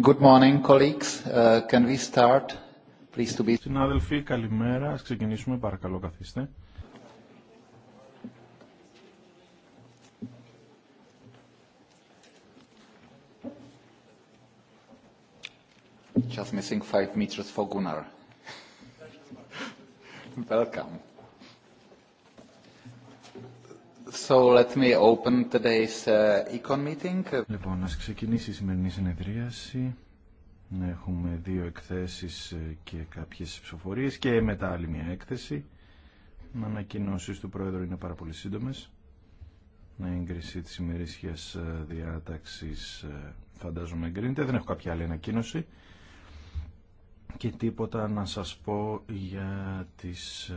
Good morning, colleagues. Can we start? Please to be... Συνάδελφοι, καλημέρα. Ας ξεκινήσουμε. Παρακαλώ, καθίστε. Just missing five meters for Gunnar. Welcome. So let me open today's uh, econ Λοιπόν, ας ξεκινήσει η σημερινή συνεδρίαση. Έχουμε δύο εκθέσεις ε, και κάποιες ψηφοφορίες και μετά άλλη μια έκθεση. Οι ανακοινώσεις του Πρόεδρου είναι πάρα πολύ σύντομες. Να έγκριση της ημερήσιας ε, διάταξης ε, φαντάζομαι εγκρίνεται. Δεν έχω κάποια άλλη ανακοίνωση. Και τίποτα να σας πω για τις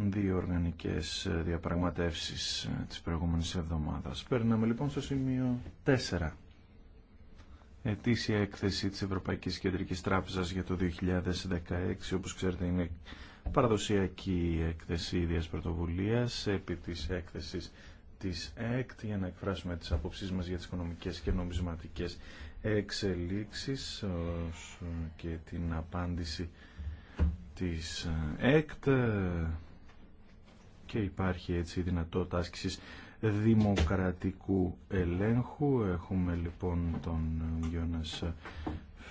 δύο οργανικές ε, διαπραγματεύσεις ε, της προηγούμενης εβδομάδας. Παίρναμε λοιπόν στο σημείο 4. Ετήσια έκθεση της Ευρωπαϊκής Κεντρικής Τράπεζας για το 2016, όπως ξέρετε είναι παραδοσιακή έκθεση ίδιας πρωτοβουλίας επί της έκθεσης της ΕΚΤ για να εκφράσουμε τις απόψεις μας για τις οικονομικές και νομισματικές εξελίξεις ε, και την απάντηση της ΕΚΤ και υπάρχει έτσι η δυνατότητα άσκησης δημοκρατικού ελέγχου. Έχουμε λοιπόν τον Γιώνας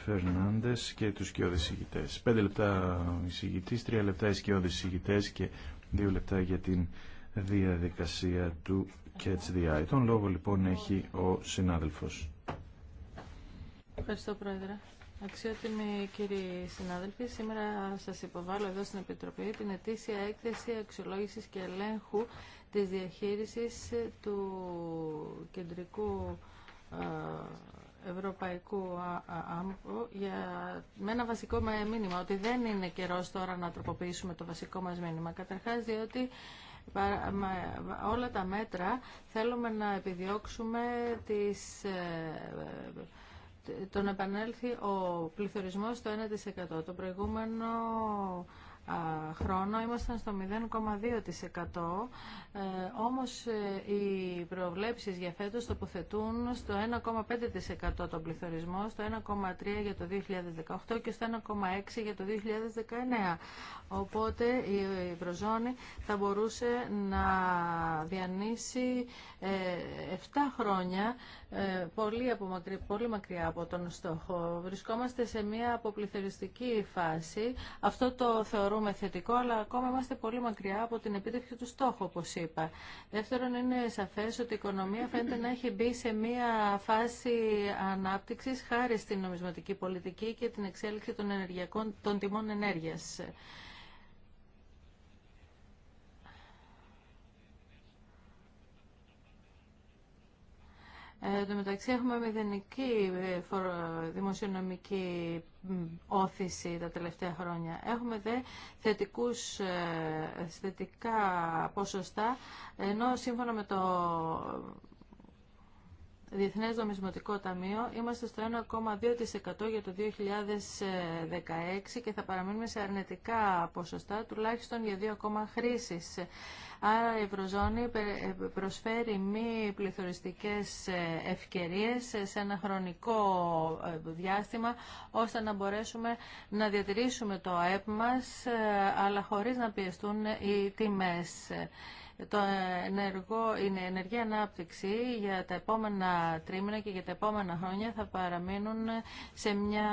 Φερνάντες και τους σκιώδες ηγητές. Πέντε λεπτά εισηγητής, τρία λεπτά οι σκιώδες ηγητές και δύο λεπτά για την διαδικασία του Catch the Eye. Τον λόγο λοιπόν έχει ο συνάδελφος. Ευχαριστώ Πρόεδρε. Αξιότιμοι κύριοι συνάδελφοι, σήμερα σας υποβάλλω εδώ στην Επιτροπή την ετήσια έκθεση αξιολόγησης και ελέγχου της διαχείρισης του κεντρικού ε, ευρωπαϊκού άμπου για με ένα βασικό μήνυμα, ότι δεν είναι καιρός τώρα να τροποποιήσουμε το βασικό μας μήνυμα. Καταρχάς διότι με όλα τα μέτρα θέλουμε να επιδιώξουμε τις ε, τον επανέλθει ο πληθωρισμός στο 1%. Το προηγούμενο χρόνο ήμασταν στο 0,2%. Ε, όμως ε, οι προβλέψεις για φέτος τοποθετούν στο 1,5% τον πληθωρισμό, στο 1,3% για το 2018 και στο 1,6% για το 2019. Οπότε η Ευρωζώνη θα μπορούσε να διανύσει 7 ε, χρόνια ε, πολύ, μακρύ, πολύ μακριά από τον στόχο. Βρισκόμαστε σε μια αποπληθωριστική φάση. Αυτό το θεωρούμε θεωρούμε θετικό, αλλά ακόμα είμαστε πολύ μακριά από την επίτευξη του στόχου, όπως είπα. Δεύτερον, είναι σαφές ότι η οικονομία φαίνεται να έχει μπει σε μία φάση ανάπτυξης χάρη στην νομισματική πολιτική και την εξέλιξη των, ενεργειακών, των τιμών ενέργειας. Εν τω μεταξύ έχουμε μηδενική ε, δημοσιονομική όθηση τα τελευταία χρόνια. Έχουμε δε θετικούς, ε, θετικά ποσοστά, ενώ σύμφωνα με το Διεθνές Νομισματικό Ταμείο είμαστε στο 1,2% για το 2016 και θα παραμείνουμε σε αρνητικά ποσοστά τουλάχιστον για δύο ακόμα χρήσεις. Άρα η Ευρωζώνη προσφέρει μη πληθωριστικές ε, ευκαιρίες σε ένα χρονικό ε, διάστημα ώστε να μπορέσουμε να διατηρήσουμε το ΑΕΠ μας ε, αλλά χωρίς να πιεστούν οι τιμές το ενεργό, η ενεργή ανάπτυξη για τα επόμενα τρίμηνα και για τα επόμενα χρόνια θα παραμείνουν σε μια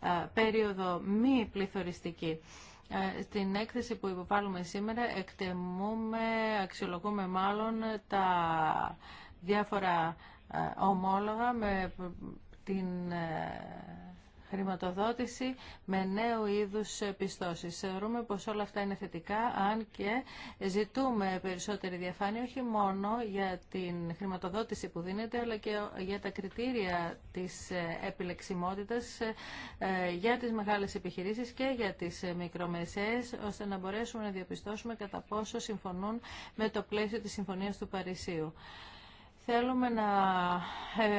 ε, περίοδο μη πληθωριστική. Ε, στην έκθεση που υποβάλλουμε σήμερα εκτεμούμε, αξιολογούμε μάλλον τα διάφορα ε, ομόλογα με την χρηματοδότηση με νέου είδους πιστώσεις. Θεωρούμε πως όλα αυτά είναι θετικά, αν και ζητούμε περισσότερη διαφάνεια όχι μόνο για την χρηματοδότηση που δίνεται, αλλά και για τα κριτήρια της επιλεξιμότητας ε, για τις μεγάλες επιχειρήσεις και για τις μικρομεσαίες, ώστε να μπορέσουμε να διαπιστώσουμε κατά πόσο συμφωνούν με το πλαίσιο της Συμφωνία του Παρισίου. Θέλουμε να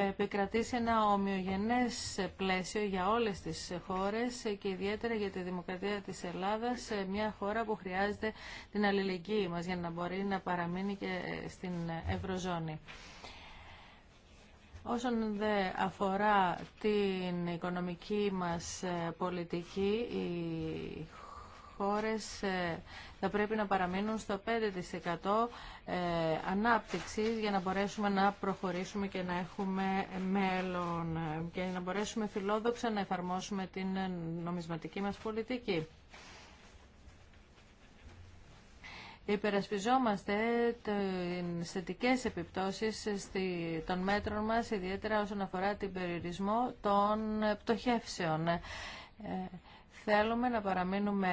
επικρατήσει ένα ομοιογενές πλαίσιο για όλες τις χώρες και ιδιαίτερα για τη δημοκρατία της Ελλάδας, μια χώρα που χρειάζεται την αλληλεγγύη μας για να μπορεί να παραμείνει και στην Ευρωζώνη. Όσον δε αφορά την οικονομική μας πολιτική, η χώρες ε, θα πρέπει να παραμείνουν στο 5% ε, ανάπτυξη για να μπορέσουμε να προχωρήσουμε και να έχουμε μέλλον ε, και να μπορέσουμε φιλόδοξα να εφαρμόσουμε την νομισματική μας πολιτική. Υπερασπιζόμαστε τις θετικέ επιπτώσεις των μέτρων μας, ιδιαίτερα όσον αφορά την περιορισμό των πτωχεύσεων. Θέλουμε να παραμείνουμε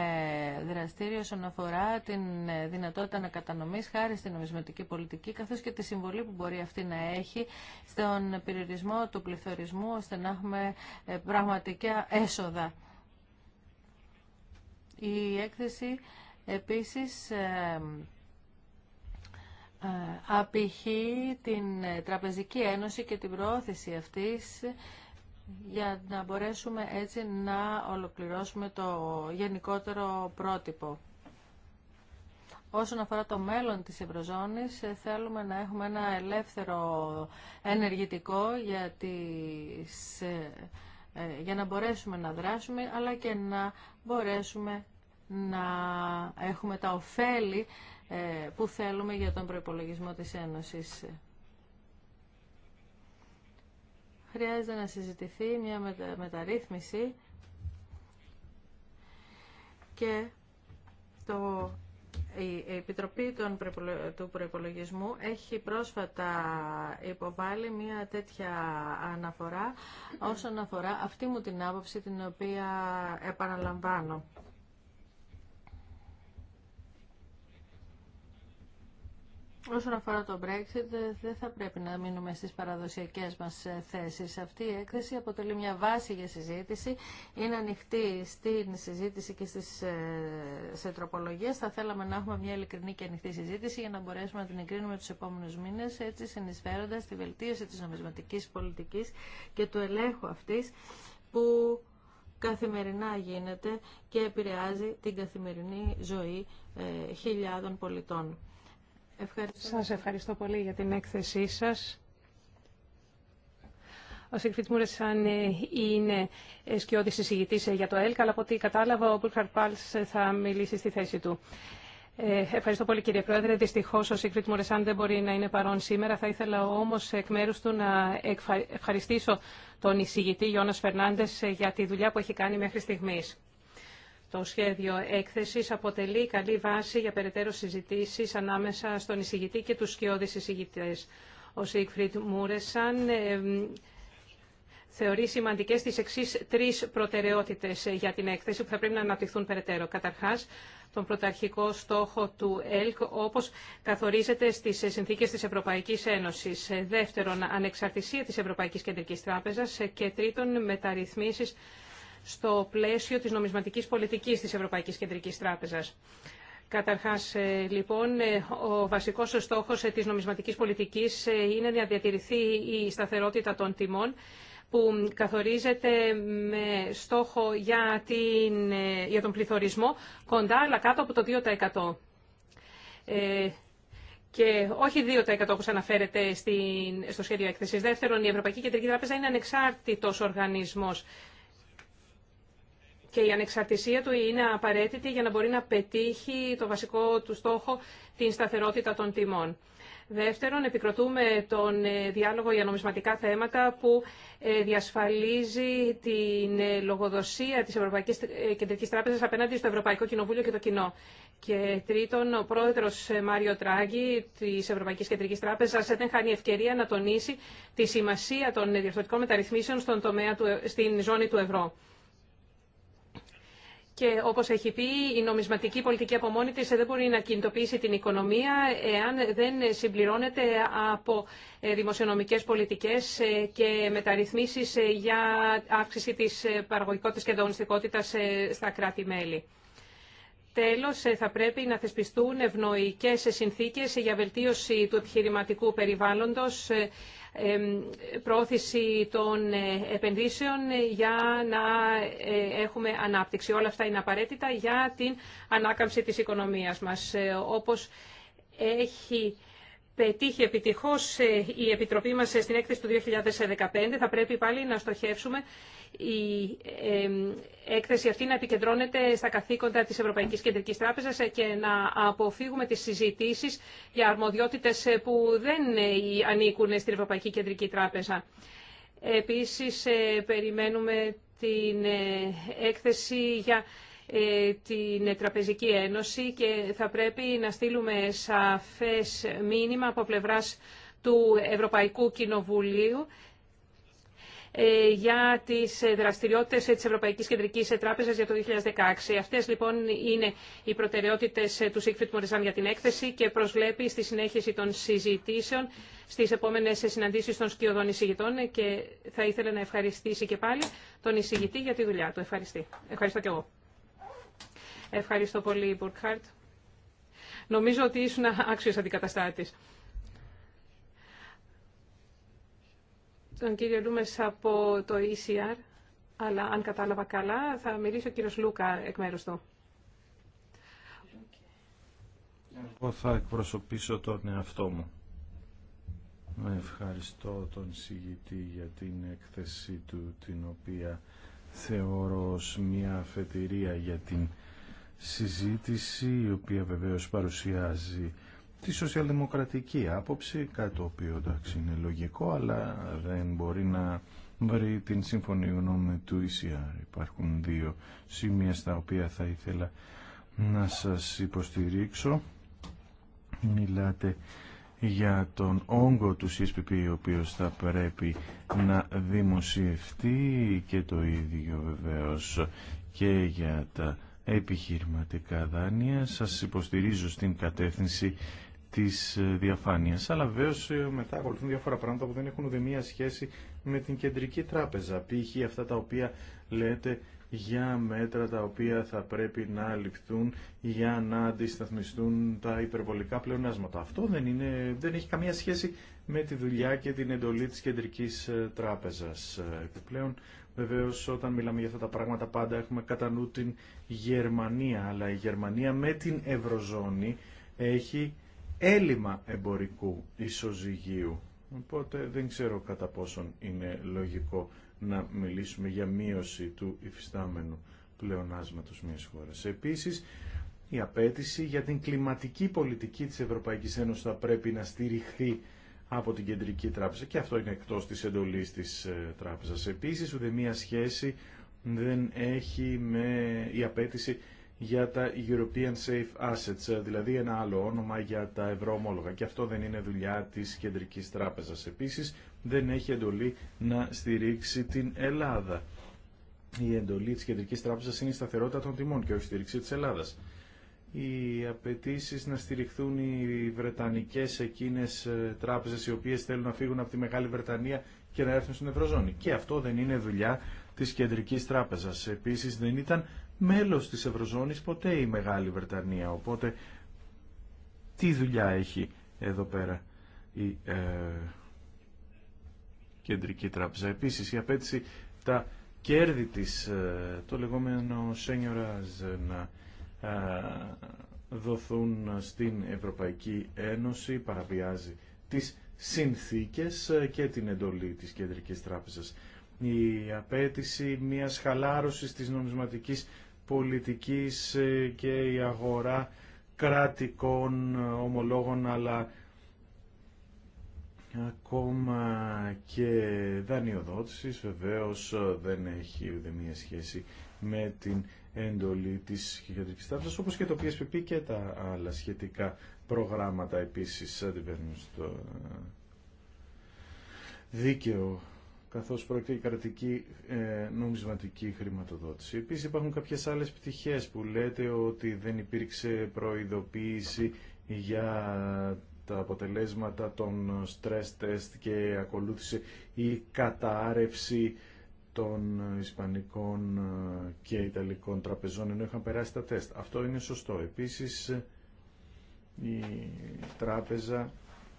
δραστήριοι όσον αφορά την ε, δυνατότητα να κατανομής χάρη στην νομισματική πολιτική, καθώς και τη συμβολή που μπορεί αυτή να έχει στον περιορισμό του πληθωρισμού, ώστε να έχουμε ε, πραγματικά έσοδα. Η έκθεση επίσης ε, απηχεί την Τραπεζική Ένωση και την προώθηση αυτής για να μπορέσουμε έτσι να ολοκληρώσουμε το γενικότερο πρότυπο. Όσον αφορά το μέλλον της Ευρωζώνης, ε, θέλουμε να έχουμε ένα ελεύθερο ενεργητικό για, ε, ε, για να μπορέσουμε να δράσουμε, αλλά και να μπορέσουμε να έχουμε τα ωφέλη που θέλουμε για τον προϋπολογισμό της Ένωσης χρειάζεται να συζητηθεί μια μεταρρύθμιση και το, η Επιτροπή των, του Προϋπολογισμού έχει πρόσφατα υποβάλει μια τέτοια αναφορά όσον αφορά αυτή μου την άποψη την οποία επαναλαμβάνω. Όσον αφορά το Brexit, δεν θα πρέπει να μείνουμε στις παραδοσιακές μας ε, θέσεις. Αυτή η έκθεση αποτελεί μια βάση για συζήτηση. Είναι ανοιχτή στην συζήτηση και στις, ε, σε τροπολογίες. Θα θέλαμε να έχουμε μια ειλικρινή και ανοιχτή συζήτηση για να μπορέσουμε να την εγκρίνουμε τους επόμενους μήνες, έτσι συνεισφέροντας τη βελτίωση της νομισματικής πολιτικής και του ελέγχου αυτής που καθημερινά γίνεται και επηρεάζει την καθημερινή ζωή ε, χιλιάδων πολιτών. Ευχαριστώ. Σας ευχαριστώ πολύ για την έκθεσή σας. Ο Σίγκφιτ Μούρεσαν ε, είναι σκιώδης εισηγητής ε, για το ΕΛΚ, αλλά από ό,τι κατάλαβα ο Μπούλχαρ Πάλς ε, θα μιλήσει στη θέση του. Ευχαριστώ πολύ κύριε Πρόεδρε. Δυστυχώ ο Σίγκριτ Μουρεσάν δεν μπορεί να είναι παρόν σήμερα. Θα ήθελα όμω εκ μέρου του να ευχαριστήσω τον εισηγητή Γιώνα Φερνάντε για τη δουλειά που έχει κάνει μέχρι στιγμή. Το σχέδιο έκθεσης αποτελεί καλή βάση για περαιτέρω συζητήσεις ανάμεσα στον εισηγητή και τους σκιώδεις εισηγητές. Ο Σίγκφριντ Μούρεσαν θεωρεί σημαντικέ τι εξή τρει προτεραιότητε για την έκθεση που θα πρέπει να αναπτυχθούν περαιτέρω. Καταρχά, τον πρωταρχικό στόχο του ΕΛΚ, όπω καθορίζεται στι συνθήκε τη Ευρωπαϊκή Ένωση. Δεύτερον, ανεξαρτησία τη Ευρωπαϊκή Κεντρική Τράπεζα. Και τρίτον, μεταρρυθμίσει στο πλαίσιο της νομισματικής πολιτικής της Ευρωπαϊκής Κεντρικής Τράπεζας. Καταρχάς, ε, λοιπόν, ε, ο βασικός στόχος ε, της νομισματικής πολιτικής είναι να διατηρηθεί η σταθερότητα των τιμών που καθορίζεται με στόχο για, την, για τον πληθωρισμό κοντά αλλά κάτω από το 2%. και όχι 2% όπως αναφέρεται στο σχέδιο έκθεσης. Δεύτερον, η Ευρωπαϊκή Κεντρική Τράπεζα είναι ανεξάρτητος οργανισμός και η ανεξαρτησία του είναι απαραίτητη για να μπορεί να πετύχει το βασικό του στόχο, την σταθερότητα των τιμών. Δεύτερον, επικροτούμε τον ε, διάλογο για νομισματικά θέματα που ε, διασφαλίζει την ε, λογοδοσία της Ευρωπαϊκής Κεντρικής Τράπεζας απέναντι στο Ευρωπαϊκό Κοινοβούλιο και το κοινό. Και τρίτον, ο πρόεδρος Μάριο Τράγκη της Ευρωπαϊκής Κεντρικής Τράπεζας δεν χάνει ευκαιρία να τονίσει τη σημασία των διευθυντικών μεταρρυθμίσεων στον τομέα του, στην ζώνη του ευρώ. Και όπως έχει πει, η νομισματική πολιτική από μόνη δεν μπορεί να κινητοποιήσει την οικονομία εάν δεν συμπληρώνεται από ε, δημοσιονομικές πολιτικές ε, και μεταρρυθμίσεις ε, για αύξηση της παραγωγικότητας και ανταγωνιστικότητα στα κράτη-μέλη. Τέλος, θα πρέπει να θεσπιστούν ευνοϊκές συνθήκες για βελτίωση του επιχειρηματικού περιβάλλοντος πρόθεση των ε, επενδύσεων για να ε, έχουμε ανάπτυξη. Όλα αυτά είναι απαραίτητα για την ανάκαμψη της οικονομίας μας. Ε, όπως έχει πετύχει επιτυχώς ε, η Επιτροπή μας ε, στην έκθεση του 2015, θα πρέπει πάλι να στοχεύσουμε η ε, έκθεση αυτή να επικεντρώνεται στα καθήκοντα της Ευρωπαϊκής Κεντρικής Τράπεζας και να αποφύγουμε τις συζητήσεις για αρμοδιότητες που δεν ανήκουν στην Ευρωπαϊκή Κεντρική Τράπεζα. Επίσης, περιμένουμε την έκθεση για ε, την Τραπεζική Ένωση και θα πρέπει να στείλουμε σαφές μήνυμα από πλευράς του Ευρωπαϊκού Κοινοβουλίου ε, για τις δραστηριότητες της Ευρωπαϊκής Κεντρικής Τράπεζας για το 2016. Αυτές λοιπόν είναι οι προτεραιότητες του Σίγκφριτ Μοριζάν για την έκθεση και προσβλέπει στη συνέχιση των συζητήσεων στις επόμενες συναντήσεις των σκιωδών εισηγητών και θα ήθελα να ευχαριστήσει και πάλι τον εισηγητή για τη δουλειά του. Ευχαριστή. Ευχαριστώ και εγώ. Ευχαριστώ πολύ, Μπουρκχάρτ. Νομίζω ότι ήσουν άξιος αντικαταστάτης. Τον κύριο Λούμες από το ECR, αλλά αν κατάλαβα καλά, θα μιλήσει ο κύριος Λούκα εκ μέρους του. Εγώ θα εκπροσωπήσω τον εαυτό μου. Ευχαριστώ τον συγητή για την έκθεση του, την οποία θεωρώ ως μια αφετηρία για την συζήτηση η οποία βεβαίως παρουσιάζει τη σοσιαλδημοκρατική άποψη, κάτι το οποίο εντάξει είναι λογικό αλλά δεν μπορεί να βρει την σύμφωνη γνώμη του ECR. Υπάρχουν δύο σημεία στα οποία θα ήθελα να σας υποστηρίξω. Μιλάτε για τον όγκο του CSPP ο οποίος θα πρέπει να δημοσιευτεί και το ίδιο βεβαίως και για τα επιχειρηματικά δάνεια. Σας υποστηρίζω στην κατεύθυνση της ε, διαφάνειας. Αλλά βεβαίω ε, μετά ακολουθούν διάφορα πράγματα που δεν έχουν ούτε μία σχέση με την κεντρική τράπεζα. Π.χ. αυτά τα οποία λέτε για μέτρα τα οποία θα πρέπει να ληφθούν για να αντισταθμιστούν τα υπερβολικά πλεονάσματα. Αυτό δεν, είναι, δεν έχει καμία σχέση με τη δουλειά και την εντολή της Κεντρικής ε, Τράπεζας. Επιπλέον Βεβαίω, όταν μιλάμε για αυτά τα πράγματα πάντα έχουμε κατά νου την Γερμανία, αλλά η Γερμανία με την Ευρωζώνη έχει έλλειμμα εμπορικού ισοζυγίου. Οπότε δεν ξέρω κατά πόσον είναι λογικό να μιλήσουμε για μείωση του υφιστάμενου πλεονάσματος μιας χώρας. Επίσης, η απέτηση για την κλιματική πολιτική της Ευρωπαϊκής Ένωσης θα πρέπει να στηριχθεί από την Κεντρική Τράπεζα και αυτό είναι εκτός της εντολής της ε, τράπεζας. Επίσης, ούτε μία σχέση δεν έχει με η απέτηση για τα European Safe Assets, δηλαδή ένα άλλο όνομα για τα ευρωομόλογα. Και αυτό δεν είναι δουλειά της Κεντρικής Τράπεζας. Επίσης, δεν έχει εντολή να στηρίξει την Ελλάδα. Η εντολή της Κεντρικής Τράπεζας είναι η σταθερότητα των τιμών και όχι η στήριξη της Ελλάδας οι απαιτήσει να στηριχθούν οι βρετανικές εκείνες ε, τράπεζες οι οποίες θέλουν να φύγουν από τη Μεγάλη Βρετανία και να έρθουν στην Ευρωζώνη. Και αυτό δεν είναι δουλειά της Κεντρικής Τράπεζας. Επίσης δεν ήταν μέλος της Ευρωζώνης ποτέ η Μεγάλη Βρετανία. Οπότε τι δουλειά έχει εδώ πέρα η ε, Κεντρική Τράπεζα. Επίσης η απέτηση τα κέρδη της, ε, το λεγόμενο σένιορας να δοθούν στην Ευρωπαϊκή Ένωση, παραβιάζει τις συνθήκες και την εντολή της Κεντρικής Τράπεζας. Η απέτηση μιας χαλάρωσης της νομισματικής πολιτικής ε, και η αγορά κρατικών ε, ομολόγων αλλά ακόμα και δανειοδότησης βεβαίως ε, δεν έχει ούτε μία σχέση με την εντολή της χιλιοδρικής όπως και το PSPP και τα άλλα σχετικά προγράμματα επίσης αντιβαίνουν στο δίκαιο καθώς πρόκειται η κρατική ε, νομισματική χρηματοδότηση. Επίσης υπάρχουν κάποιες άλλες πτυχές που λέτε ότι δεν υπήρξε προειδοποίηση για τα αποτελέσματα των stress test και ακολούθησε η κατάρρευση των ε, Ισπανικών ε, και Ιταλικών τραπεζών ενώ είχαν περάσει τα τεστ. Αυτό είναι σωστό. Επίσης η τράπεζα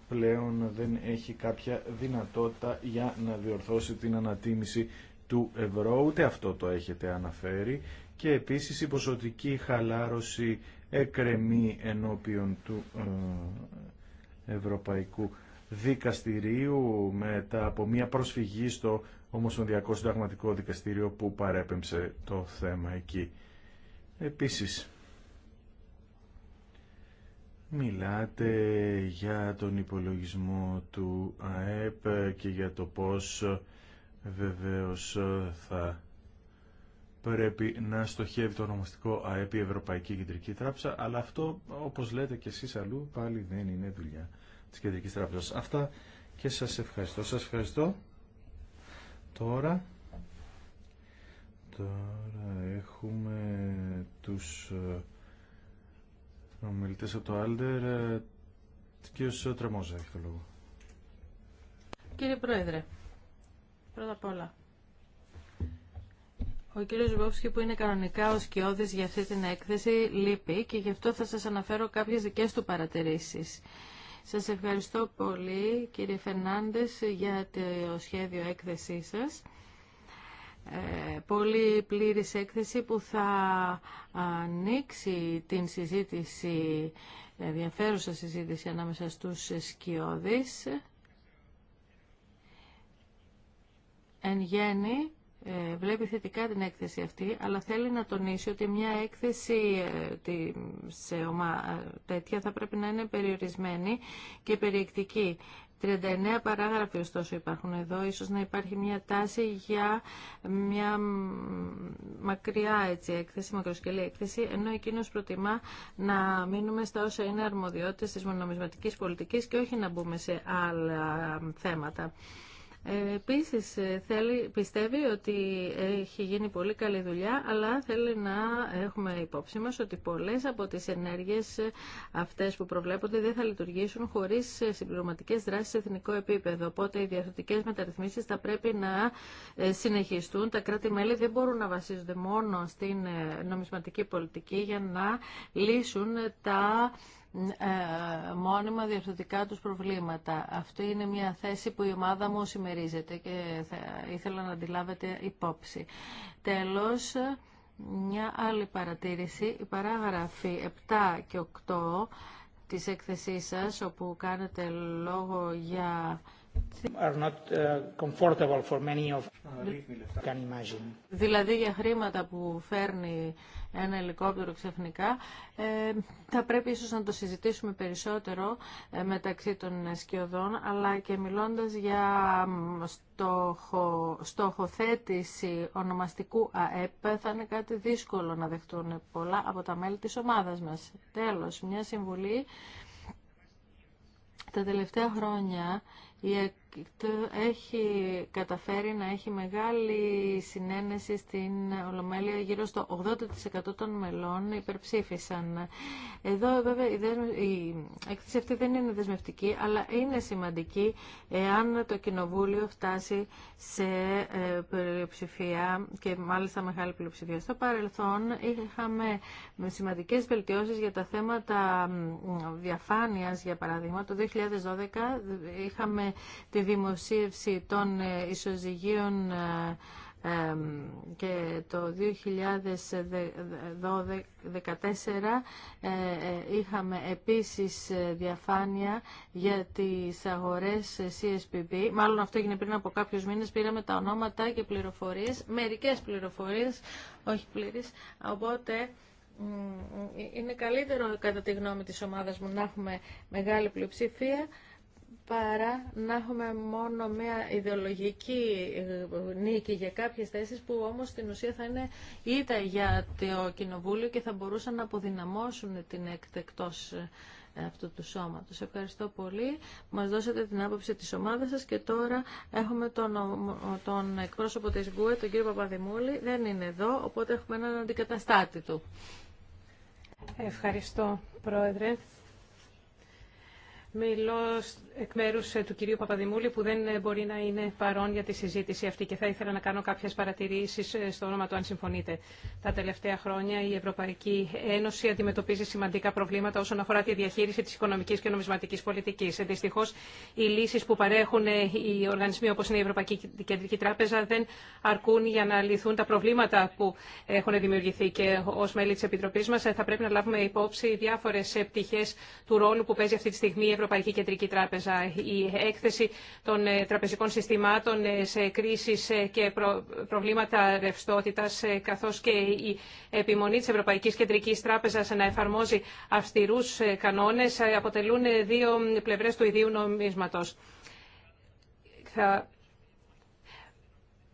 πλέον δεν έχει κάποια δυνατότητα για να διορθώσει την ανατίμηση του ευρώ, ούτε αυτό το έχετε αναφέρει και επίσης η ποσοτική χαλάρωση εκρεμεί ενώπιον του ε, ευρωπαϊκού δικαστηρίου μετά από μια προσφυγή στο Ομοσπονδιακό Συνταγματικό Δικαστήριο που παρέπεμψε το θέμα εκεί. Επίσης, μιλάτε για τον υπολογισμό του ΑΕΠ και για το πώς βεβαίως θα πρέπει να στοχεύει το ονομαστικό ΑΕΠ η Ευρωπαϊκή Κεντρική Τράπεζα, αλλά αυτό, όπως λέτε και εσείς αλλού, πάλι δεν είναι δουλειά της Κεντρικής Τράπεζας. Αυτά και σας ευχαριστώ. Σας ευχαριστώ. Τώρα, τώρα έχουμε τους ε, ομιλητές από το Άλντερ. Ε, κύριος Τρεμόζα έχει το λόγο. Κύριε Πρόεδρε, πρώτα απ' όλα, ο κύριος Ζουμπόφσκι που είναι κανονικά ο σκιώδης για αυτή την έκθεση λείπει και γι' αυτό θα σας αναφέρω κάποιες δικές του παρατηρήσεις. Σας ευχαριστώ πολύ κύριε Φερνάντες για το σχέδιο έκθεσή σας. Ε, πολύ πλήρης έκθεση που θα ανοίξει την συζήτηση, ενδιαφέρουσα συζήτηση ανάμεσα στους σκιώδεις. Εν γέννη, ε, βλέπει θετικά την έκθεση αυτή, αλλά θέλει να τονίσει ότι μια έκθεση ε, σε ομα, ε, τέτοια θα πρέπει να είναι περιορισμένη και περιεκτική. 39 παράγραφοι ωστόσο υπάρχουν εδώ, ίσως να υπάρχει μια τάση για μια μακριά έτσι, έκθεση, μακροσκελή έκθεση, ενώ εκείνος προτιμά να μείνουμε στα όσα είναι αρμοδιότητες της μονομισματικής πολιτικής και όχι να μπούμε σε άλλα θέματα. Επίσης ε, πιστεύει ότι έχει γίνει πολύ καλή δουλειά, αλλά θέλει να έχουμε υπόψη μας ότι πολλές από τις ενέργειες ε, αυτές που προβλέπονται δεν θα λειτουργήσουν χωρίς ε, συμπληρωματικές δράσεις σε εθνικό επίπεδο. Οπότε οι διαθετικές μεταρρυθμίσεις θα πρέπει να συνεχιστούν. Τα κράτη-μέλη δεν μπορούν να βασίζονται μόνο στην νομισματική πολιτική για να λύσουν τα ε, μόνιμα διορθωτικά τους προβλήματα. Αυτή είναι μια θέση που η ομάδα μου συμμερίζεται και ήθελα να αντιλάβετε υπόψη. Τέλος, μια άλλη παρατήρηση, η παράγραφη 7 και 8 της έκθεσής σας, όπου κάνετε λόγο για Δηλαδή για χρήματα που φέρνει ένα ελικόπτερο ξαφνικά ε, θα πρέπει ίσως να το συζητήσουμε περισσότερο ε, μεταξύ των σκιωδών αλλά και μιλώντας για στόχο, στόχοθέτηση ονομαστικού ΑΕΠ θα είναι κάτι δύσκολο να δεχτούν πολλά από τα μέλη της ομάδας μας. Τέλος, μια συμβουλή τα τελευταία χρόνια η έχει καταφέρει να έχει μεγάλη συνένεση στην Ολομέλεια. Γύρω στο 80% των μελών υπερψήφισαν. Εδώ βέβαια η έκθεση αυτή δεν είναι δεσμευτική, αλλά είναι σημαντική εάν το Κοινοβούλιο φτάσει σε ε, πλειοψηφία και μάλιστα μεγάλη πλειοψηφία. Στο παρελθόν είχαμε σημαντικές βελτιώσεις για τα θέματα διαφάνειας, για παράδειγμα. Το 2012 είχαμε την η δημοσίευση των ισοζυγίων και το 2014 είχαμε επίσης διαφάνεια για τις αγορές CSPB. Μάλλον αυτό έγινε πριν από κάποιους μήνες. Πήραμε τα ονόματα και πληροφορίες, μερικές πληροφορίες, όχι πλήρης. Οπότε είναι καλύτερο κατά τη γνώμη της ομάδας μου να έχουμε μεγάλη πλειοψηφία παρά να έχουμε μόνο μια ιδεολογική νίκη για κάποιες θέσεις που όμως στην ουσία θα είναι ήττα για το Κοινοβούλιο και θα μπορούσαν να αποδυναμώσουν την εκτεκτός ε, αυτού του σώματος. Ευχαριστώ πολύ. Μας δώσατε την άποψη της ομάδας σας και τώρα έχουμε τον, τον εκπρόσωπο της ΓΚΟΕ, τον κύριο Παπαδημούλη. Δεν είναι εδώ, οπότε έχουμε έναν αντικαταστάτη του. Ευχαριστώ, Πρόεδρε. Μιλώ εκ μέρου ε, του κυρίου Παπαδημούλη που δεν ε, μπορεί να είναι παρόν για τη συζήτηση αυτή και θα ήθελα να κάνω κάποιε παρατηρήσει ε, στο όνομα του αν συμφωνείτε. Τα τελευταία χρόνια η Ευρωπαϊκή Ένωση αντιμετωπίζει σημαντικά προβλήματα όσον αφορά τη διαχείριση τη οικονομική και νομισματικής πολιτική. Δυστυχώ, οι λύσει που παρέχουν οι οργανισμοί όπω είναι η Ευρωπαϊκή Κεντρική Τράπεζα δεν αρκούν για να λυθούν τα προβλήματα που έχουν δημιουργηθεί και ω μέλη τη επιτροπή μα. θα πρέπει να λάβουμε υπόψη διάφορε πτυχέ του ρόλου που παίζει αυτή τη στιγμή η Ευρωπαϊκή Κεντρική Τράπεζα. Η έκθεση των ε, τραπεζικών συστημάτων ε, σε κρίσεις ε, και προβλήματα ρευστότητας, καθώς και η επιμονή της Ευρωπαϊκής Κεντρικής Τράπεζας να εφαρμόζει αυστηρούς κανόνες, αποτελούν δύο πλευρές του ιδίου νομίσματος.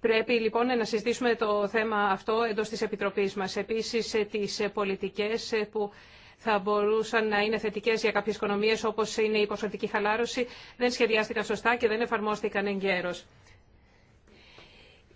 Πρέπει λοιπόν να συζητήσουμε το θέμα αυτό εντός της Επιτροπής μας. Επίσης, τις πολιτικές που θα μπορούσαν να είναι θετικέ για κάποιε οικονομίε, όπω είναι η ποσοτική χαλάρωση, δεν σχεδιάστηκαν σωστά και δεν εφαρμόστηκαν εγκαίρω.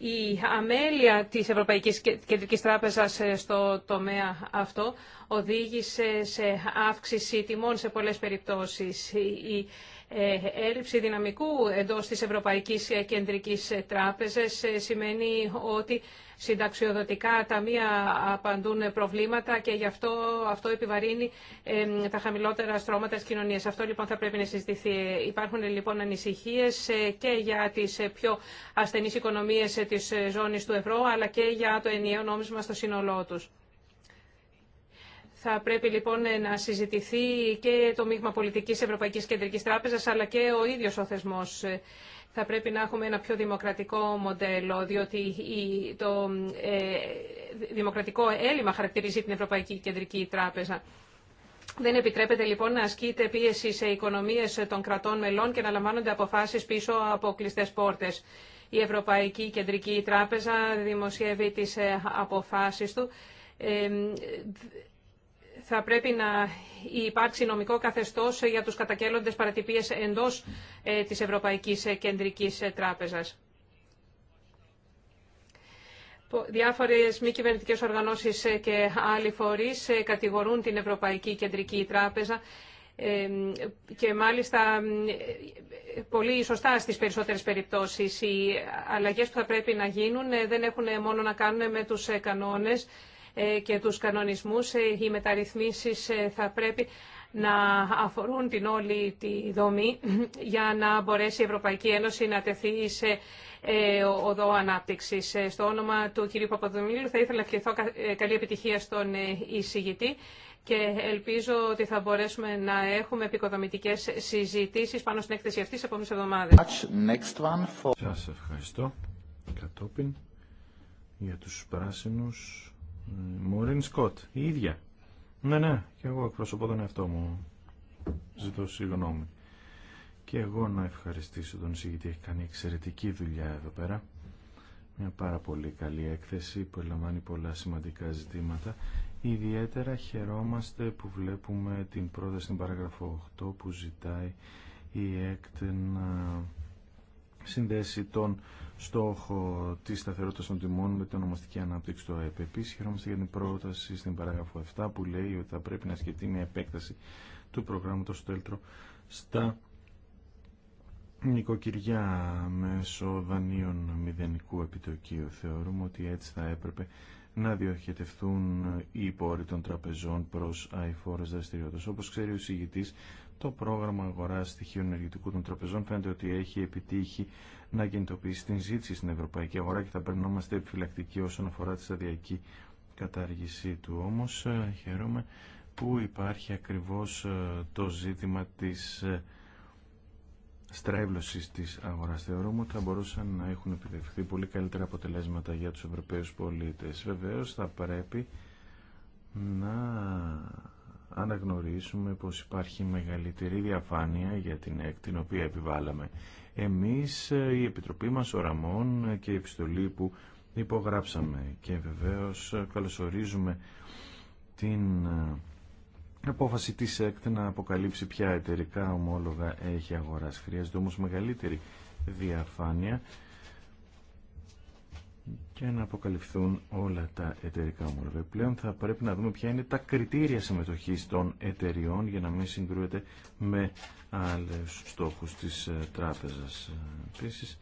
Η αμέλεια της Ευρωπαϊκής Κεντρικής Τράπεζας ε, στο τομέα αυτό οδήγησε σε αύξηση τιμών σε πολλές περιπτώσεις. Η ε, έλλειψη δυναμικού εντός της Ευρωπαϊκής Κεντρικής Τράπεζας ε, σημαίνει ότι συνταξιοδοτικά ταμεία απαντούν προβλήματα και γι' αυτό αυτό επιβαρύνει ε, τα χαμηλότερα στρώματα της κοινωνίας. Αυτό λοιπόν θα πρέπει να συζητηθεί. Υπάρχουν λοιπόν ανησυχίες και για τις πιο ασθενείς οικονομίες της ζώνης του ευρώ αλλά και για το ενιαίο νόμισμα στο σύνολό τους. Θα πρέπει λοιπόν να συζητηθεί και το μείγμα πολιτικής Ευρωπαϊκής Κεντρικής Τράπεζας αλλά και ο ίδιος ο θεσμός. Θα πρέπει να έχουμε ένα πιο δημοκρατικό μοντέλο, διότι το ε, δημοκρατικό έλλειμμα χαρακτηρίζει την Ευρωπαϊκή Κεντρική Τράπεζα. Δεν επιτρέπεται λοιπόν να ασκείται πίεση σε οικονομίες των κρατών μελών και να λαμβάνονται αποφάσεις πίσω από κλειστές πόρτες. Η Ευρωπαϊκή Κεντρική Τράπεζα δημοσιεύει τις ε, αποφάσεις του ε, θα πρέπει να υπάρξει νομικό καθεστώς για τους κατακέλλοντες παρατυπίες εντός ε, της Ευρωπαϊκής Κεντρικής Τράπεζας. Διάφορες μη κυβερνητικές οργανώσεις και άλλοι φορείς ε, κατηγορούν την Ευρωπαϊκή Κεντρική Τράπεζα ε, και μάλιστα πολύ σωστά στις περισσότερες περιπτώσεις. Οι αλλαγές που θα πρέπει να γίνουν δεν έχουν μόνο να κάνουν με τους κανόνες ε, και τους κανονισμούς, ε, οι μεταρρυθμίσεις ε, θα πρέπει να αφορούν την όλη τη δομή για να μπορέσει η Ευρωπαϊκή Ένωση να τεθεί σε οδό ανάπτυξης. Στο όνομα του κ. Παπαδομήλου θα ήθελα να ευχηθώ καλή επιτυχία στον εισηγητή και ελπίζω ότι θα μπορέσουμε να έχουμε επικοδομητικές συζητήσεις πάνω στην έκθεση αυτή σε επόμενες Σας ευχαριστώ κατόπιν για τους πράσινους Μουριν Σκοτ, η ίδια. Ναι, ναι, και εγώ εκπροσωπώ τον εαυτό μου. Ζητώ συγγνώμη. Και εγώ να ευχαριστήσω τον συγγητή. έχει κάνει εξαιρετική δουλειά εδώ πέρα. Μια πάρα πολύ καλή έκθεση που ελαμβάνει πολλά σημαντικά ζητήματα. Ιδιαίτερα χαιρόμαστε που βλέπουμε την πρόταση στην παράγραφο 8 που ζητάει η έκτενα να συνδέσει στόχο τη σταθερότητα των τιμών με την ονομαστική ανάπτυξη του ΑΕΠ. Επίση, χαιρόμαστε για την πρόταση στην παράγραφο 7 που λέει ότι θα πρέπει να σχετεί μια επέκταση του προγράμματο Τέλτρο στα νοικοκυριά μέσω δανείων μηδενικού επιτοκίου. Θεωρούμε ότι έτσι θα έπρεπε να διοχετευτούν οι πόροι των τραπεζών προς αηφόρες δραστηριότητες. Όπως ξέρει ο συγητής, το πρόγραμμα αγοράς στοιχείων ενεργητικού των τραπεζών φαίνεται ότι έχει επιτύχει να κινητοποιήσει την ζήτηση στην ευρωπαϊκή αγορά και θα πρέπει να είμαστε επιφυλακτικοί όσον αφορά τη σταδιακή κατάργησή του. Όμως ε, χαίρομαι που υπάρχει ακριβώς ε, το ζήτημα της ε, στρέβλωση τη αγορά Θεωρούμε ότι θα μπορούσαν να έχουν επιτευχθεί πολύ καλύτερα αποτελέσματα για τους Ευρωπαίου πολίτες. Βεβαίω θα πρέπει να αναγνωρίσουμε πως υπάρχει μεγαλύτερη διαφάνεια για την ΕΚ την οποία επιβάλαμε. Εμείς, η Επιτροπή μας Οραμών και η επιστολή που υπογράψαμε και βεβαίως καλωσορίζουμε την απόφαση της ΕΚΤ να αποκαλύψει ποια εταιρικά ομόλογα έχει αγοράσει. Χρειάζεται όμως μεγαλύτερη διαφάνεια και να αποκαλυφθούν όλα τα εταιρικά ομόλογα. Πλέον θα πρέπει να δούμε ποια είναι τα κριτήρια συμμετοχής των εταιριών για να μην συγκρούεται με άλλους στόχους της ε, τράπεζας. Επίσης,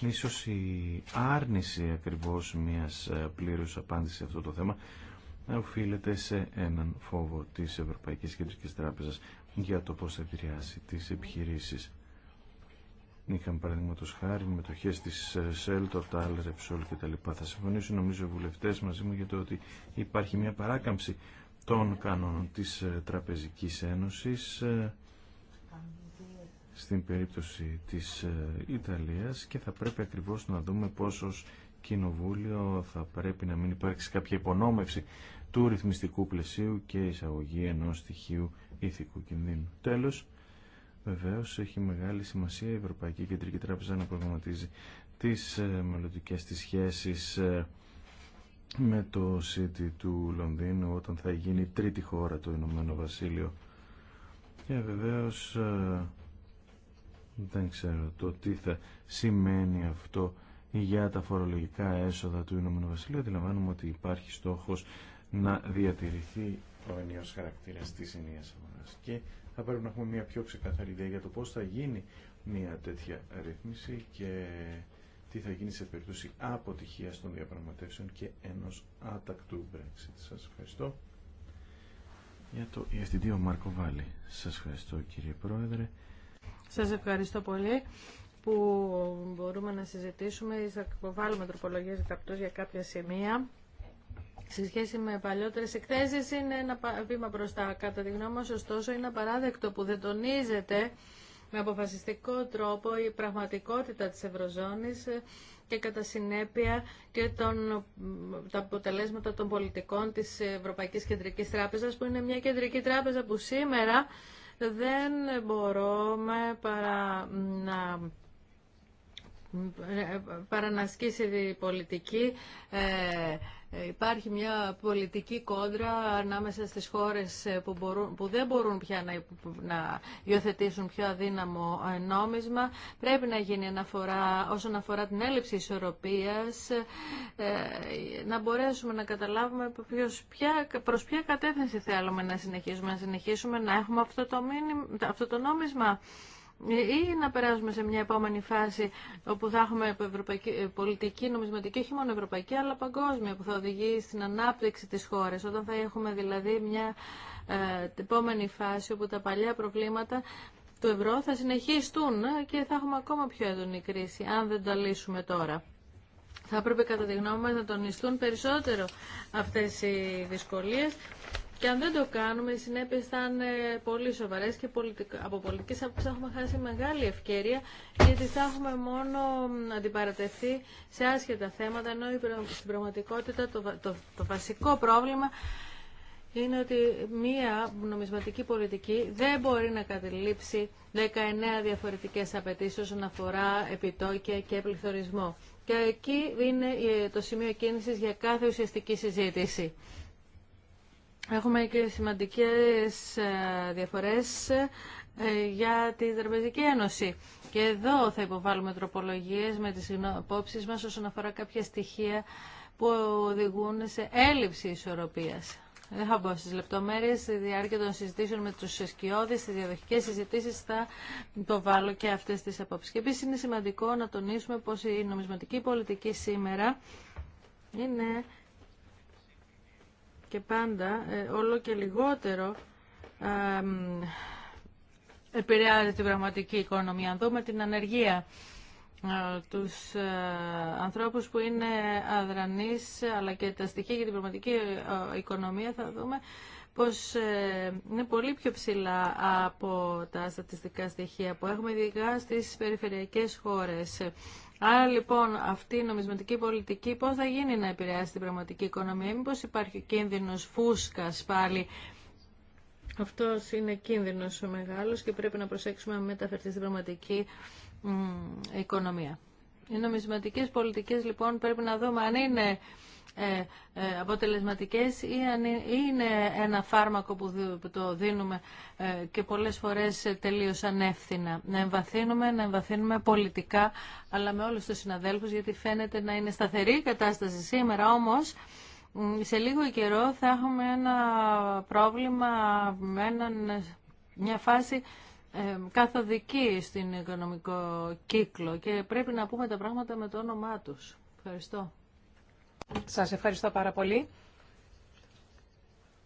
ίσως η άρνηση ακριβώς μιας ε, πλήρους απάντησης σε αυτό το θέμα οφείλεται σε έναν φόβο της Ευρωπαϊκής Κεντρικής Τράπεζας για το πώς θα επηρεάσει τις επιχειρήσεις. Είχαμε παραδείγματο χάρη μετοχέ τη ΣΕΛ, το ΤΑΛ, ΡΕΠΣΟΛ κτλ. Θα συμφωνήσουν νομίζω οι βουλευτέ μαζί μου για το ότι υπάρχει μια παράκαμψη των κανόνων τη ε, Τραπεζική Ένωση ε, στην περίπτωση τη ε, Ιταλία. και θα πρέπει ακριβώ να δούμε πόσο κοινοβούλιο θα πρέπει να μην υπάρξει κάποια υπονόμευση του ρυθμιστικού πλαισίου και εισαγωγή ενός στοιχείου ηθικού κινδύνου. Τέλος, βεβαίως έχει μεγάλη σημασία η Ευρωπαϊκή Κεντρική Τράπεζα να προγραμματίζει τις ε, μελλοντικέ της σχέσεις ε, με το City του Λονδίνου όταν θα γίνει τρίτη χώρα το Ηνωμένο Βασίλειο. Και βεβαίως ε, δεν ξέρω το τι θα σημαίνει αυτό για τα φορολογικά έσοδα του Ηνωμένου Βασιλείου. Αντιλαμβάνομαι ότι υπάρχει στόχος να διατηρηθεί ο ενίο χαρακτήρα τη ενία αγορά. Και θα πρέπει να έχουμε μια πιο ξεκαθαρή ιδέα για το πώ θα γίνει μια τέτοια ρύθμιση και τι θα γίνει σε περίπτωση αποτυχία των διαπραγματεύσεων και ενό άτακτου Brexit. Σα ευχαριστώ. Για το EFTD Μάρκο Βάλλη. σα ευχαριστώ κύριε Πρόεδρε. Σα ευχαριστώ πολύ που μπορούμε να συζητήσουμε ή θα βάλουμε τροπολογίε γραπτό για κάποια σημεία σε σχέση με παλιότερε εκθέσει, είναι ένα βήμα μπροστά. Κατά τη γνώμη μας, ωστόσο, είναι απαράδεκτο που δεν τονίζεται με αποφασιστικό τρόπο η πραγματικότητα της Ευρωζώνης ε, και κατά συνέπεια και τον, τα αποτελέσματα των πολιτικών της Ευρωπαϊκής Κεντρικής Τράπεζας που είναι μια κεντρική τράπεζα που σήμερα δεν μπορούμε παρά να ε, παρανασκήσει η πολιτική ε, ε, υπάρχει μια πολιτική κόντρα ανάμεσα στις χώρες ε, που, δεν μπορούν πια να, να υιοθετήσουν πιο αδύναμο ε, νόμισμα. Πρέπει να γίνει αναφορά όσον αφορά την έλλειψη ισορροπίας, να μπορέσουμε να καταλάβουμε ποιος, ποια, προς ποια κατεύθυνση θέλουμε να συνεχίσουμε. Να να έχουμε αυτό το, αυτό το νόμισμα ή να περάσουμε σε μια επόμενη φάση όπου θα έχουμε ε, πολιτική, νομισματική, όχι μόνο ευρωπαϊκή, αλλά παγκόσμια, που θα οδηγεί στην ανάπτυξη της χώρας, όταν θα έχουμε δηλαδή μια ε, επόμενη φάση όπου τα παλιά προβλήματα του ευρώ θα συνεχιστούν ε, και θα έχουμε ακόμα πιο έντονη κρίση, αν δεν τα λύσουμε τώρα. Θα έπρεπε κατά τη γνώμη μας να τονιστούν περισσότερο αυτές οι δυσκολίες και αν δεν το κάνουμε, οι συνέπειε θα είναι πολύ σοβαρέ και από πολιτική άποψη θα έχουμε χάσει μεγάλη ευκαιρία, γιατί θα έχουμε μόνο αντιπαρατευθεί σε άσχετα θέματα, ενώ στην πραγματικότητα το, βασικό πρόβλημα είναι ότι μία νομισματική πολιτική δεν μπορεί να καταλήψει 19 διαφορετικές απαιτήσει όσον αφορά επιτόκια και πληθωρισμό. Και εκεί είναι ε, το σημείο κίνησης για κάθε ουσιαστική συζήτηση. Έχουμε και σημαντικές ε, διαφορές ε, για τη Τραπεζική Ένωση. Και εδώ θα υποβάλουμε τροπολογίες με τις υπόψεις μας όσον αφορά κάποια στοιχεία που οδηγούν σε έλλειψη ισορροπίας. Δεν θα μπω στις λεπτομέρειες. Στη διάρκεια των συζητήσεων με τους σκιώδεις, στις διαδοχικέ συζητήσει θα υποβάλω και αυτές τι απόψει. Και επίση είναι σημαντικό να τονίσουμε πως η νομισματική πολιτική σήμερα είναι και πάντα ε, όλο και λιγότερο επηρεάζει την πραγματική οικονομία. Αν δούμε την ανεργία, ε, τους ε, ανθρώπους που είναι αδρανείς, αλλά και τα στοιχεία για την πραγματική οικονομία, θα δούμε πως είναι πολύ πιο ψηλά από τα στατιστικά στοιχεία που έχουμε, ειδικά στις περιφερειακές χώρες. Άρα λοιπόν αυτή η νομισματική πολιτική πώς θα γίνει να επηρεάσει την πραγματική οικονομία. Μήπως υπάρχει κίνδυνος φούσκας πάλι. Αυτός είναι κίνδυνος ο μεγάλος και πρέπει να προσέξουμε να μεταφερθεί στην πραγματική οικονομία. Οι νομισματικές πολιτικές λοιπόν πρέπει να δούμε αν είναι ε, ε, αποτελεσματικές ή είναι ένα φάρμακο που το δίνουμε ε, και πολλές φορές τελείως ανεύθυνα. Να εμβαθύνουμε, να εμβαθύνουμε πολιτικά, αλλά με όλους τους συναδέλφους, γιατί φαίνεται να είναι σταθερή η κατάσταση σήμερα, όμως σε λίγο καιρό θα έχουμε ένα πρόβλημα με μια φάση καθοδική στην οικονομικό κύκλο και πρέπει να πούμε τα πράγματα με το όνομά τους. Ευχαριστώ. Σας ευχαριστώ πάρα πολύ.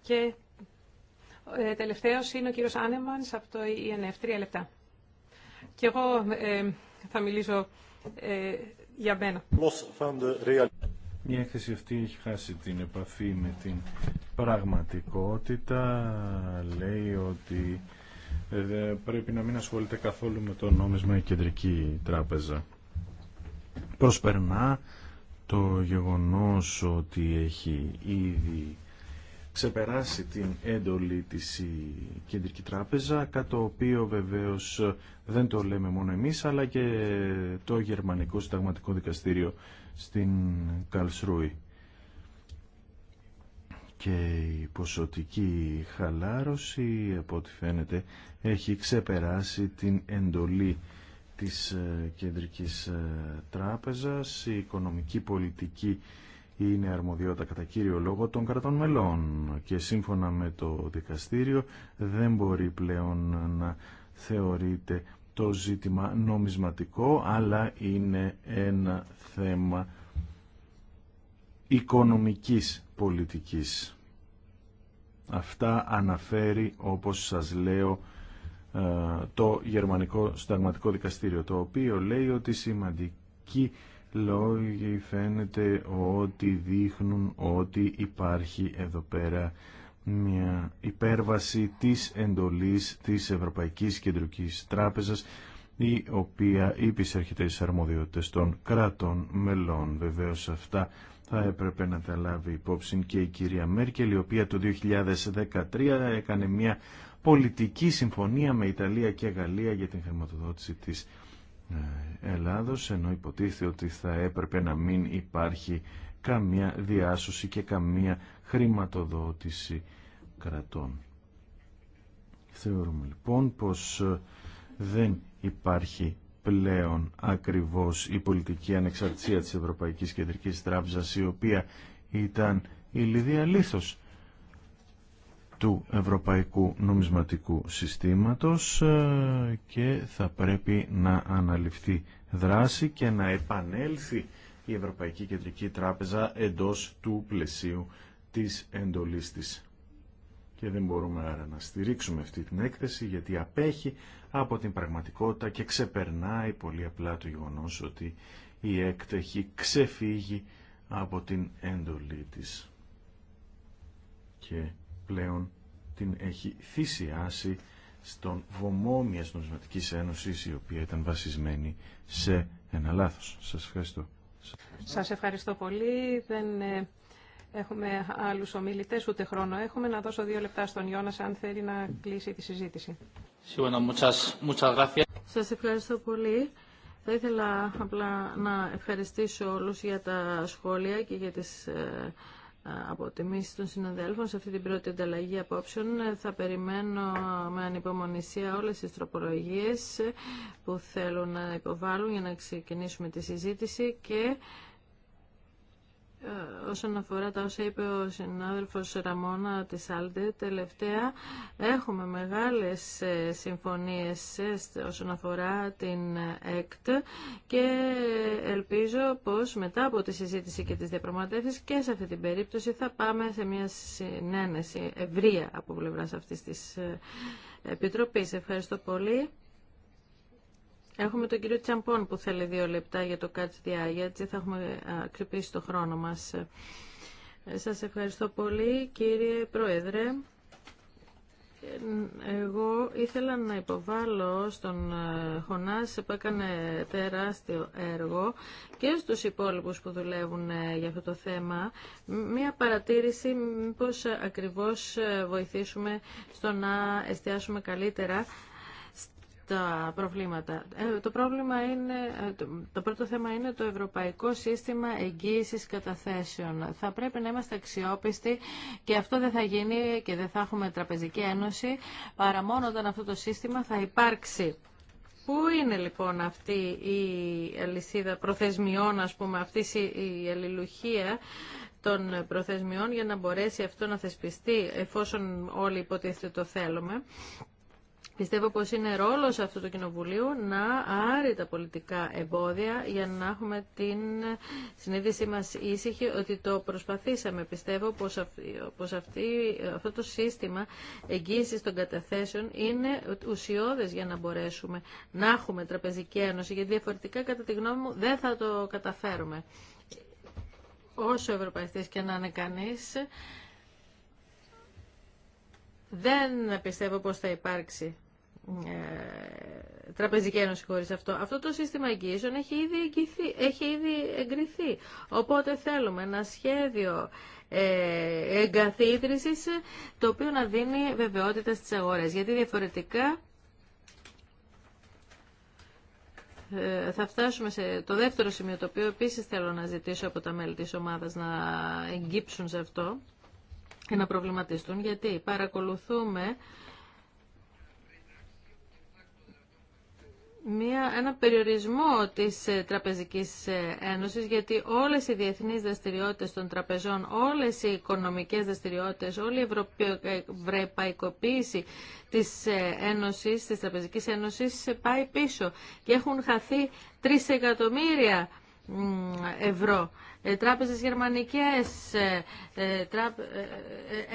Και ε, τελευταίος είναι ο κύριος Άνεμανς από το ΙΕΝΕΦ. E Τρία λεπτά. Και εγώ ε, θα μιλήσω ε, για μένα. Μια έκθεση αυτή έχει χάσει την επαφή με την πραγματικότητα. Λέει ότι ε, πρέπει να μην ασχολείται καθόλου με το νόμισμα η Κεντρική Τράπεζα. Προσπερνά το γεγονός ότι έχει ήδη ξεπεράσει την έντολη της η Κεντρική Τράπεζα, κατά το οποίο βεβαίως δεν το λέμε μόνο εμείς, αλλά και το Γερμανικό Συνταγματικό Δικαστήριο στην Καλσρούη. Και η ποσοτική χαλάρωση, από ό,τι φαίνεται, έχει ξεπεράσει την εντολή της ε, Κεντρικής ε, Τράπεζας. Η οικονομική πολιτική είναι αρμοδιότητα κατά κύριο λόγο των κρατών μελών και σύμφωνα με το δικαστήριο δεν μπορεί πλέον να θεωρείται το ζήτημα νομισματικό αλλά είναι ένα θέμα οικονομικής πολιτικής. Αυτά αναφέρει όπως σας λέω ε, το Γερμανικό Συνταγματικό Δικαστήριο, το οποίο λέει ότι σημαντικοί λόγοι φαίνεται ότι δείχνουν ότι υπάρχει εδώ πέρα μια υπέρβαση της εντολής της Ευρωπαϊκής Κεντρικής Τράπεζας η οποία σε αρχιτές αρμοδιότητες των κρατών μελών. Βεβαίως αυτά θα έπρεπε να τα λάβει υπόψη και η κυρία Μέρκελ η οποία το 2013 έκανε μια πολιτική συμφωνία με Ιταλία και Γαλλία για την χρηματοδότηση της ε, Ελλάδος, ενώ υποτίθεται ότι θα έπρεπε να μην υπάρχει καμία διάσωση και καμία χρηματοδότηση κρατών. Θεωρούμε λοιπόν πως ε, δεν υπάρχει πλέον ακριβώς η πολιτική ανεξαρτησία της Ευρωπαϊκής Κεντρικής Τράπεζας η οποία ήταν η Λιδία του Ευρωπαϊκού Νομισματικού Συστήματος ε, και θα πρέπει να αναλυφθεί δράση και να επανέλθει η Ευρωπαϊκή Κεντρική Τράπεζα εντός του πλαισίου της εντολής της. Και δεν μπορούμε άρα να στηρίξουμε αυτή την έκθεση γιατί απέχει από την πραγματικότητα και ξεπερνάει πολύ απλά το γεγονό ότι η έκτεχη ξεφύγει από την εντολή της πλέον την έχει θυσιάσει στον βωμό μιας νομισματικής ένωσης η οποία ήταν βασισμένη σε ένα λάθος. Σας ευχαριστώ. Σας ευχαριστώ πολύ. Δεν ε, έχουμε άλλους ομιλητές, ούτε χρόνο έχουμε. Να δώσω δύο λεπτά στον Ιώνα αν θέλει να κλείσει τη συζήτηση. Σας ευχαριστώ πολύ. Θα ήθελα απλά να ευχαριστήσω όλους για τα σχόλια και για τις ε, από αποτιμήσεις των συναδέλφων σε αυτή την πρώτη ανταλλαγή απόψεων. Θα περιμένω με ανυπομονησία όλες τις τροπολογίες που θέλουν να υποβάλουν για να ξεκινήσουμε τη συζήτηση και ε, όσον αφορά τα όσα είπε ο συνάδελφος Ραμόνα της Άλντε, τελευταία έχουμε μεγάλες ε, συμφωνίες ε, όσον αφορά την ΕΚΤ και ελπίζω πως μετά από τη συζήτηση και τις διαπραγματεύσεις και σε αυτή την περίπτωση θα πάμε σε μια συνένεση ευρεία από πλευράς αυτής της Επιτροπής. Ευχαριστώ πολύ. Έχουμε τον κύριο Τσαμπών που θέλει δύο λεπτά για το Catch the έτσι θα έχουμε κρυπήσει το χρόνο μας. Ε, σας ευχαριστώ πολύ κύριε Πρόεδρε. Εγώ ήθελα να υποβάλω στον ε, Χωνάς που έκανε τεράστιο έργο και στους υπόλοιπους που δουλεύουν ε, για αυτό το θέμα μία παρατήρηση πώς ακριβώς βοηθήσουμε στο να εστιάσουμε καλύτερα τα προβλήματα. Ε, το, πρόβλημα είναι, ε, το πρώτο θέμα είναι το Ευρωπαϊκό Σύστημα Εγγύησης Καταθέσεων. Θα πρέπει να είμαστε αξιόπιστοι και αυτό δεν θα γίνει και δεν θα έχουμε τραπεζική ένωση παρά μόνο όταν αυτό το σύστημα θα υπάρξει. Πού είναι λοιπόν αυτή η αλυσίδα προθεσμιών, ας πούμε, αυτή η αλληλουχία των προθεσμιών για να μπορέσει αυτό να θεσπιστεί εφόσον όλοι υποτίθεται το θέλουμε. Πιστεύω πως είναι ρόλος αυτού του Κοινοβουλίου να άρει τα πολιτικά εμπόδια για να έχουμε την συνείδησή μας ήσυχη ότι το προσπαθήσαμε. Πιστεύω πως, αυτό το σύστημα εγγύησης των καταθέσεων είναι ουσιώδες για να μπορέσουμε να έχουμε τραπεζική ένωση, γιατί διαφορετικά κατά τη γνώμη μου δεν θα το καταφέρουμε. Όσο ευρωπαϊστής και να είναι κανείς, δεν πιστεύω πως θα υπάρξει ε, τραπεζική ένωση χωρίς αυτό. Αυτό το σύστημα εγγύησεων έχει ήδη, έχει ήδη εγκριθεί. Οπότε θέλουμε ένα σχέδιο ε, εγκαθίδρυσης το οποίο να δίνει βεβαιότητα στις αγορές. Γιατί διαφορετικά ε, θα φτάσουμε σε το δεύτερο σημείο το οποίο επίσης θέλω να ζητήσω από τα μέλη της ομάδας να εγκύψουν σε αυτό και να προβληματιστούν γιατί παρακολουθούμε μια, ένα περιορισμό της ε, Τραπεζικής ε, Ένωσης γιατί όλες οι διεθνείς δραστηριότητες των τραπεζών, όλες οι οικονομικές δραστηριότητες, όλη η ε, ευρωπαϊκοποίηση της Ένωσης, της Τραπεζικής Ένωσης πάει πίσω και έχουν χαθεί 3 εκατομμύρια ευρώ. Ε, τράπεζες γερμανικές ε, ε,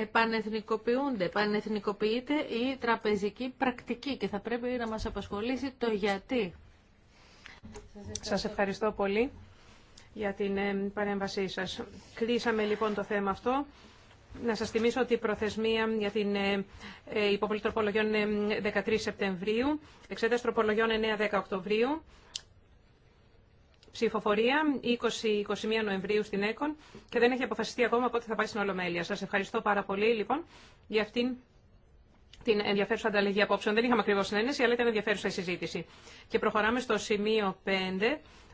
επανεθνικοποιούνται, επανεθνικοποιείται η τραπεζική πρακτική και θα πρέπει να μας απασχολήσει το γιατί. Σας ευχαριστώ πολύ για την παρέμβασή σας. Κλείσαμε λοιπόν το θέμα αυτό. Να σας θυμίσω ότι η προθεσμία για την υποβολή τροπολογιών είναι 13 Σεπτεμβρίου, εξέταση τροπολογιών 9-10 Οκτωβρίου, ψηφοφορία 20-21 Νοεμβρίου στην ΕΚΟΝ και δεν έχει αποφασιστεί ακόμα πότε θα πάει στην Ολομέλεια. Σας ευχαριστώ πάρα πολύ λοιπόν για αυτήν την ενδιαφέρουσα ανταλλαγή απόψεων. Δεν είχαμε ακριβώ συνένεση, αλλά ήταν ενδιαφέρουσα η συζήτηση. Και προχωράμε στο σημείο 5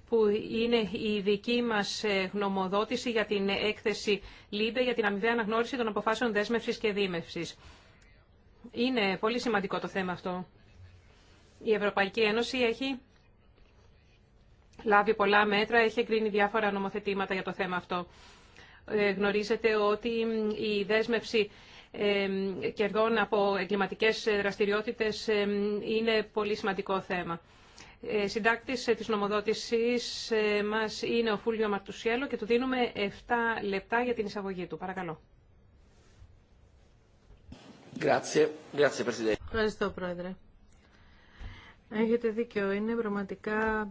που είναι η δική μας ε, γνωμοδότηση για την έκθεση ΛΥΜΠΕ για την αμοιβαία αναγνώριση των αποφάσεων δέσμευσης και δίμευσης. Είναι πολύ σημαντικό το θέμα αυτό. Η Ευρωπαϊκή Ένωση έχει λάβει πολλά μέτρα, έχει εγκρίνει διάφορα νομοθετήματα για το θέμα αυτό. Ε, γνωρίζετε ότι η δέσμευση ε, κερδών από εγκληματικές δραστηριότητες ε, είναι πολύ σημαντικό θέμα. Συντάκτης της νομοδότησης μας είναι ο Φούλιο Μαρτουσιέλο και του δίνουμε 7 λεπτά για την εισαγωγή του. Παρακαλώ. Ευχαριστώ, Πρόεδρε. Έχετε δίκιο. Είναι πραγματικά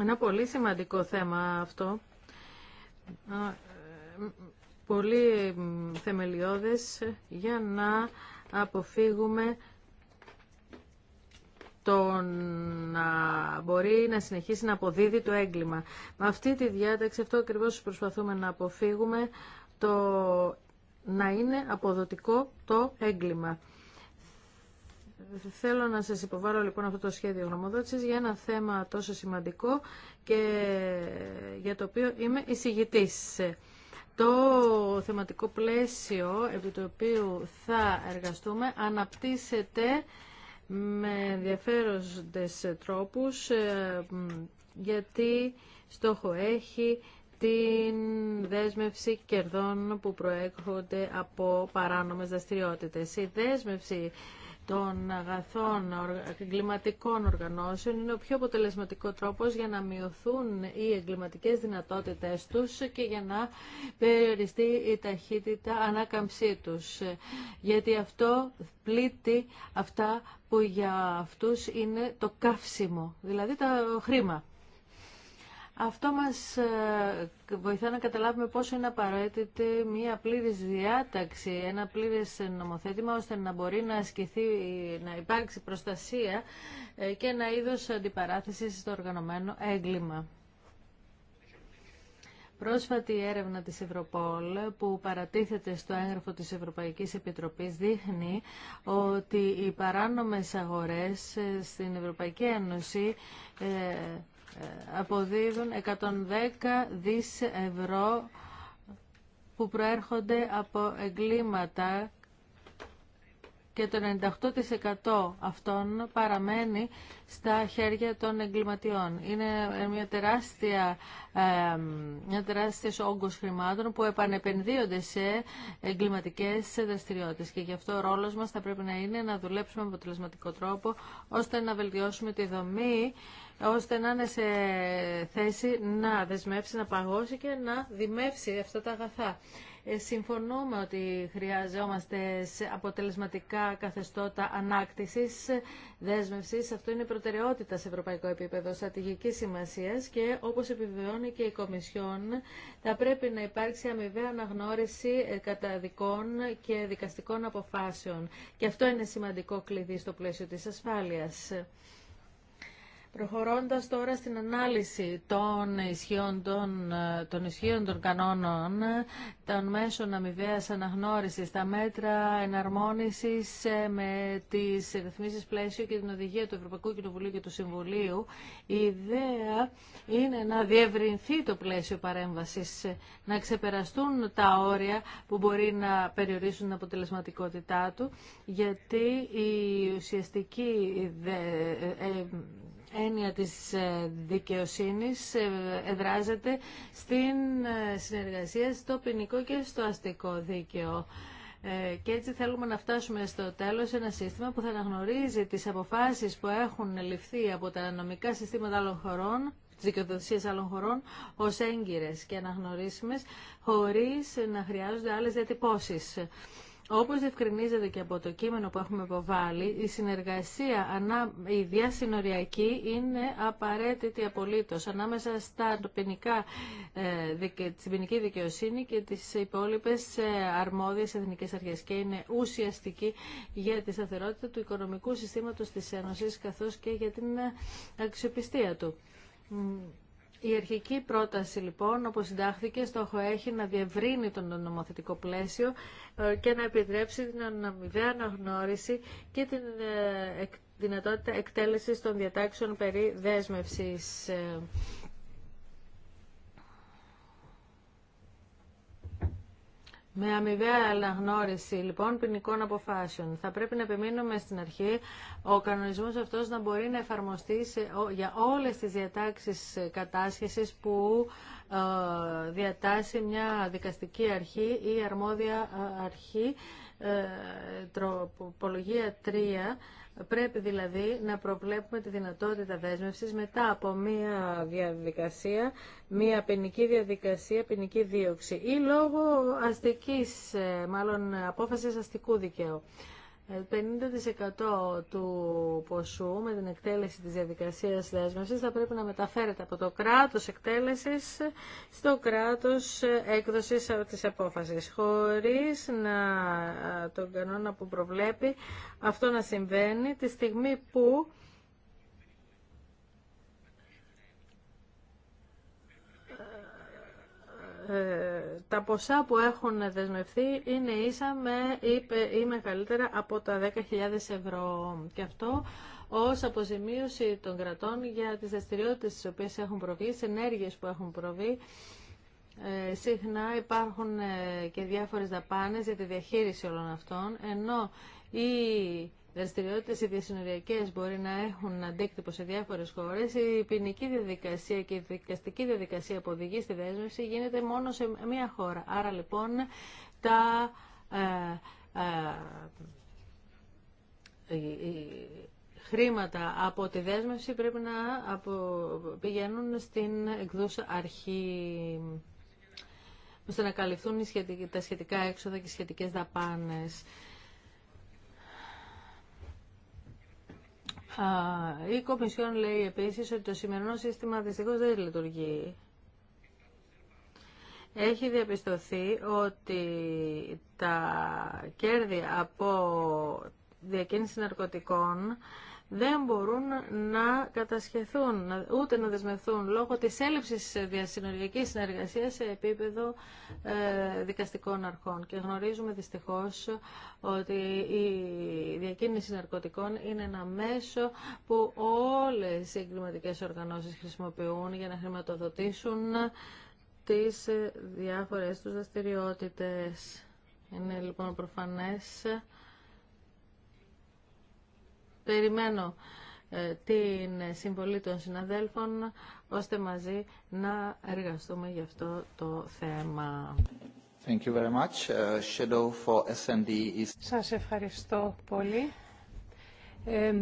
ένα πολύ σημαντικό θέμα αυτό, ε, πολύ θεμελιώδες για να αποφύγουμε το να μπορεί να συνεχίσει να αποδίδει το έγκλημα. Με αυτή τη διάταξη αυτό ακριβώς προσπαθούμε να αποφύγουμε το να είναι αποδοτικό το έγκλημα. Θέλω να σας υποβάλω λοιπόν αυτό το σχέδιο γνωμοδότησης για ένα θέμα τόσο σημαντικό και για το οποίο είμαι εισηγητής. Το θεματικό πλαίσιο επί το οποίο θα εργαστούμε αναπτύσσεται με ενδιαφέροντες τρόπους ε, γιατί στόχο έχει την δέσμευση κερδών που προέρχονται από παράνομες δραστηριότητες. Η δέσμευση των αγαθών εγκληματικών οργανώσεων είναι ο πιο αποτελεσματικό τρόπος για να μειωθούν οι εγκληματικές δυνατότητες τους και για να περιοριστεί η ταχύτητα ανάκαμψή τους. Γιατί αυτό πλήττει αυτά που για αυτούς είναι το καύσιμο, δηλαδή το χρήμα. Αυτό μας ε, βοηθά να καταλάβουμε πόσο είναι απαραίτητη μία πλήρης διάταξη, ένα πλήρες νομοθέτημα, ώστε να μπορεί να ασκηθεί, να υπάρξει προστασία ε, και ένα είδος αντιπαράθεσης στο οργανωμένο έγκλημα. Πρόσφατη έρευνα της Ευρωπόλ που παρατίθεται στο έγγραφο της Ευρωπαϊκής Επιτροπής δείχνει ότι οι παράνομες αγορές ε, στην Ευρωπαϊκή Ένωση αποδίδουν 110 δις ευρώ που προέρχονται από εγκλήματα και το 98% αυτών παραμένει στα χέρια των εγκληματιών. Είναι μια τεράστια, ε, μια τεράστια όγκος χρημάτων που επανεπενδύονται σε εγκληματικές δραστηριότητες και γι' αυτό ο ρόλος μας θα πρέπει να είναι να δουλέψουμε με αποτελεσματικό τρόπο ώστε να βελτιώσουμε τη δομή ώστε να είναι σε θέση να δεσμεύσει, να παγώσει και να δημεύσει αυτά τα αγαθά. Ε, συμφωνούμε ότι χρειαζόμαστε αποτελεσματικά καθεστώτα ανάκτησης, δέσμευσης. Αυτό είναι προτεραιότητα σε ευρωπαϊκό επίπεδο στρατηγικής σημασίας και όπως επιβεβαιώνει και η Κομισιόν θα πρέπει να υπάρξει αμοιβαία αναγνώριση ε, καταδικών και δικαστικών αποφάσεων. Και αυτό είναι σημαντικό κλειδί στο πλαίσιο της ασφάλειας. Προχωρώντας τώρα στην ανάλυση των ισχύων των, ε, των, ισχύων των κανόνων, ε, των μέσων αμοιβαίας αναγνώρισης, τα μέτρα εναρμόνισης ε, με τις ρυθμίσεις πλαίσιο και την οδηγία του Ευρωπαϊκού Κοινοβουλίου και του Συμβουλίου, η ιδέα είναι να διευρυνθεί το πλαίσιο παρέμβασης, να ξεπεραστούν τα όρια που μπορεί να περιορίσουν την αποτελεσματικότητά του, γιατί η ουσιαστική έννοια της ε, δικαιοσύνης ε, εδράζεται στην ε, συνεργασία στο ποινικό και στο αστικό δίκαιο. Και έτσι θέλουμε να φτάσουμε στο τέλος σε ένα σύστημα που θα αναγνωρίζει τις αποφάσεις που έχουν ληφθεί από τα νομικά συστήματα άλλων χωρών τις δικαιοδοσίες άλλων χωρών ως έγκυρες και αναγνωρίσιμες χωρίς να χρειάζονται άλλες διατυπώσεις. Όπως διευκρινίζεται και από το κείμενο που έχουμε υποβάλει, η συνεργασία, η διασυνοριακή είναι απαραίτητη απολύτως ανάμεσα στα ποινικά, ε, ποινική δικαιοσύνη και τις υπόλοιπες ε, αρμόδιες εθνικές αρχές και είναι ουσιαστική για τη σταθερότητα του οικονομικού συστήματος της Ένωσης καθώς και για την ε, αξιοπιστία του. Η αρχική πρόταση λοιπόν, όπως συντάχθηκε, στόχο έχει να διευρύνει τον νομοθετικό πλαίσιο ε, και να επιτρέψει την αμοιβαία αναγνώριση και την ε, δυνατότητα εκτέλεσης των διατάξεων περί δέσμευσης. Ε, Με αμοιβαία αναγνώριση λοιπόν ποινικών αποφάσεων. Θα πρέπει να επιμείνουμε στην αρχή ο κανονισμός αυτός να μπορεί να εφαρμοστεί σε, για όλες τις διατάξεις κατάσχεσης που ε, διατάσσει μια δικαστική αρχή ή αρμόδια ε, αρχή. Ε, τροπολογία 3 Πρέπει δηλαδή να προβλέπουμε τη δυνατότητα δέσμευσης μετά από μία διαδικασία, μία ποινική διαδικασία, ποινική δίωξη ή λόγω αστικής, ε, μάλλον απόφασης αστικού δικαίου. 50% ε, του ποσού με την εκτέλεση της διαδικασίας δέσμευσης θα πρέπει να μεταφέρεται από το κράτος εκτέλεσης στο κράτος έκδοσης της απόφασης, χωρίς να, ε, τον κανόνα που προβλέπει αυτό να συμβαίνει τη στιγμή που τα ποσά που έχουν δεσμευθεί είναι ίσα με ή, μεγαλύτερα από τα 10.000 ευρώ. Και αυτό ως αποζημίωση των κρατών για τις δραστηριότητε τις οποίες έχουν προβεί, τις ενέργειες που έχουν προβεί. Ε, συχνά υπάρχουν ε, και διάφορες δαπάνες για τη διαχείριση όλων αυτών, ενώ η δραστηριότητε οι διασυνοριακέ μπορεί να έχουν αντίκτυπο σε διάφορε χώρε, η ποινική διαδικασία και η δικαστική διαδικασία που οδηγεί στη δέσμευση γίνεται μόνο σε μία χώρα. Άρα λοιπόν τα. Ε, ε, χρήματα από τη δέσμευση πρέπει να απο... πηγαίνουν στην εκδόσα αρχή ώστε να καλυφθούν τα σχετικά έξοδα και σχετικές δαπάνες. Η Κομισιόν λέει επίσης ότι το σημερινό σύστημα δυστυχώ δεν λειτουργεί. Έχει διαπιστωθεί ότι τα κέρδη από διακίνηση ναρκωτικών δεν μπορούν να κατασχεθούν ούτε να δεσμευθούν λόγω της έλλειψης διασυνοριακής συνεργασίας σε επίπεδο ε, δικαστικών αρχών. Και γνωρίζουμε δυστυχώς ότι η διακίνηση ναρκωτικών είναι ένα μέσο που όλες οι εγκληματικές οργανώσεις χρησιμοποιούν για να χρηματοδοτήσουν τις διάφορες τους δραστηριότητες. Είναι λοιπόν προφανές Περιμένω ε, την συμβολή των συναδέλφων ώστε μαζί να εργαστούμε για αυτό το θέμα. Thank you very much. Uh, Shadow for is... Σας ευχαριστώ πολύ. Ε,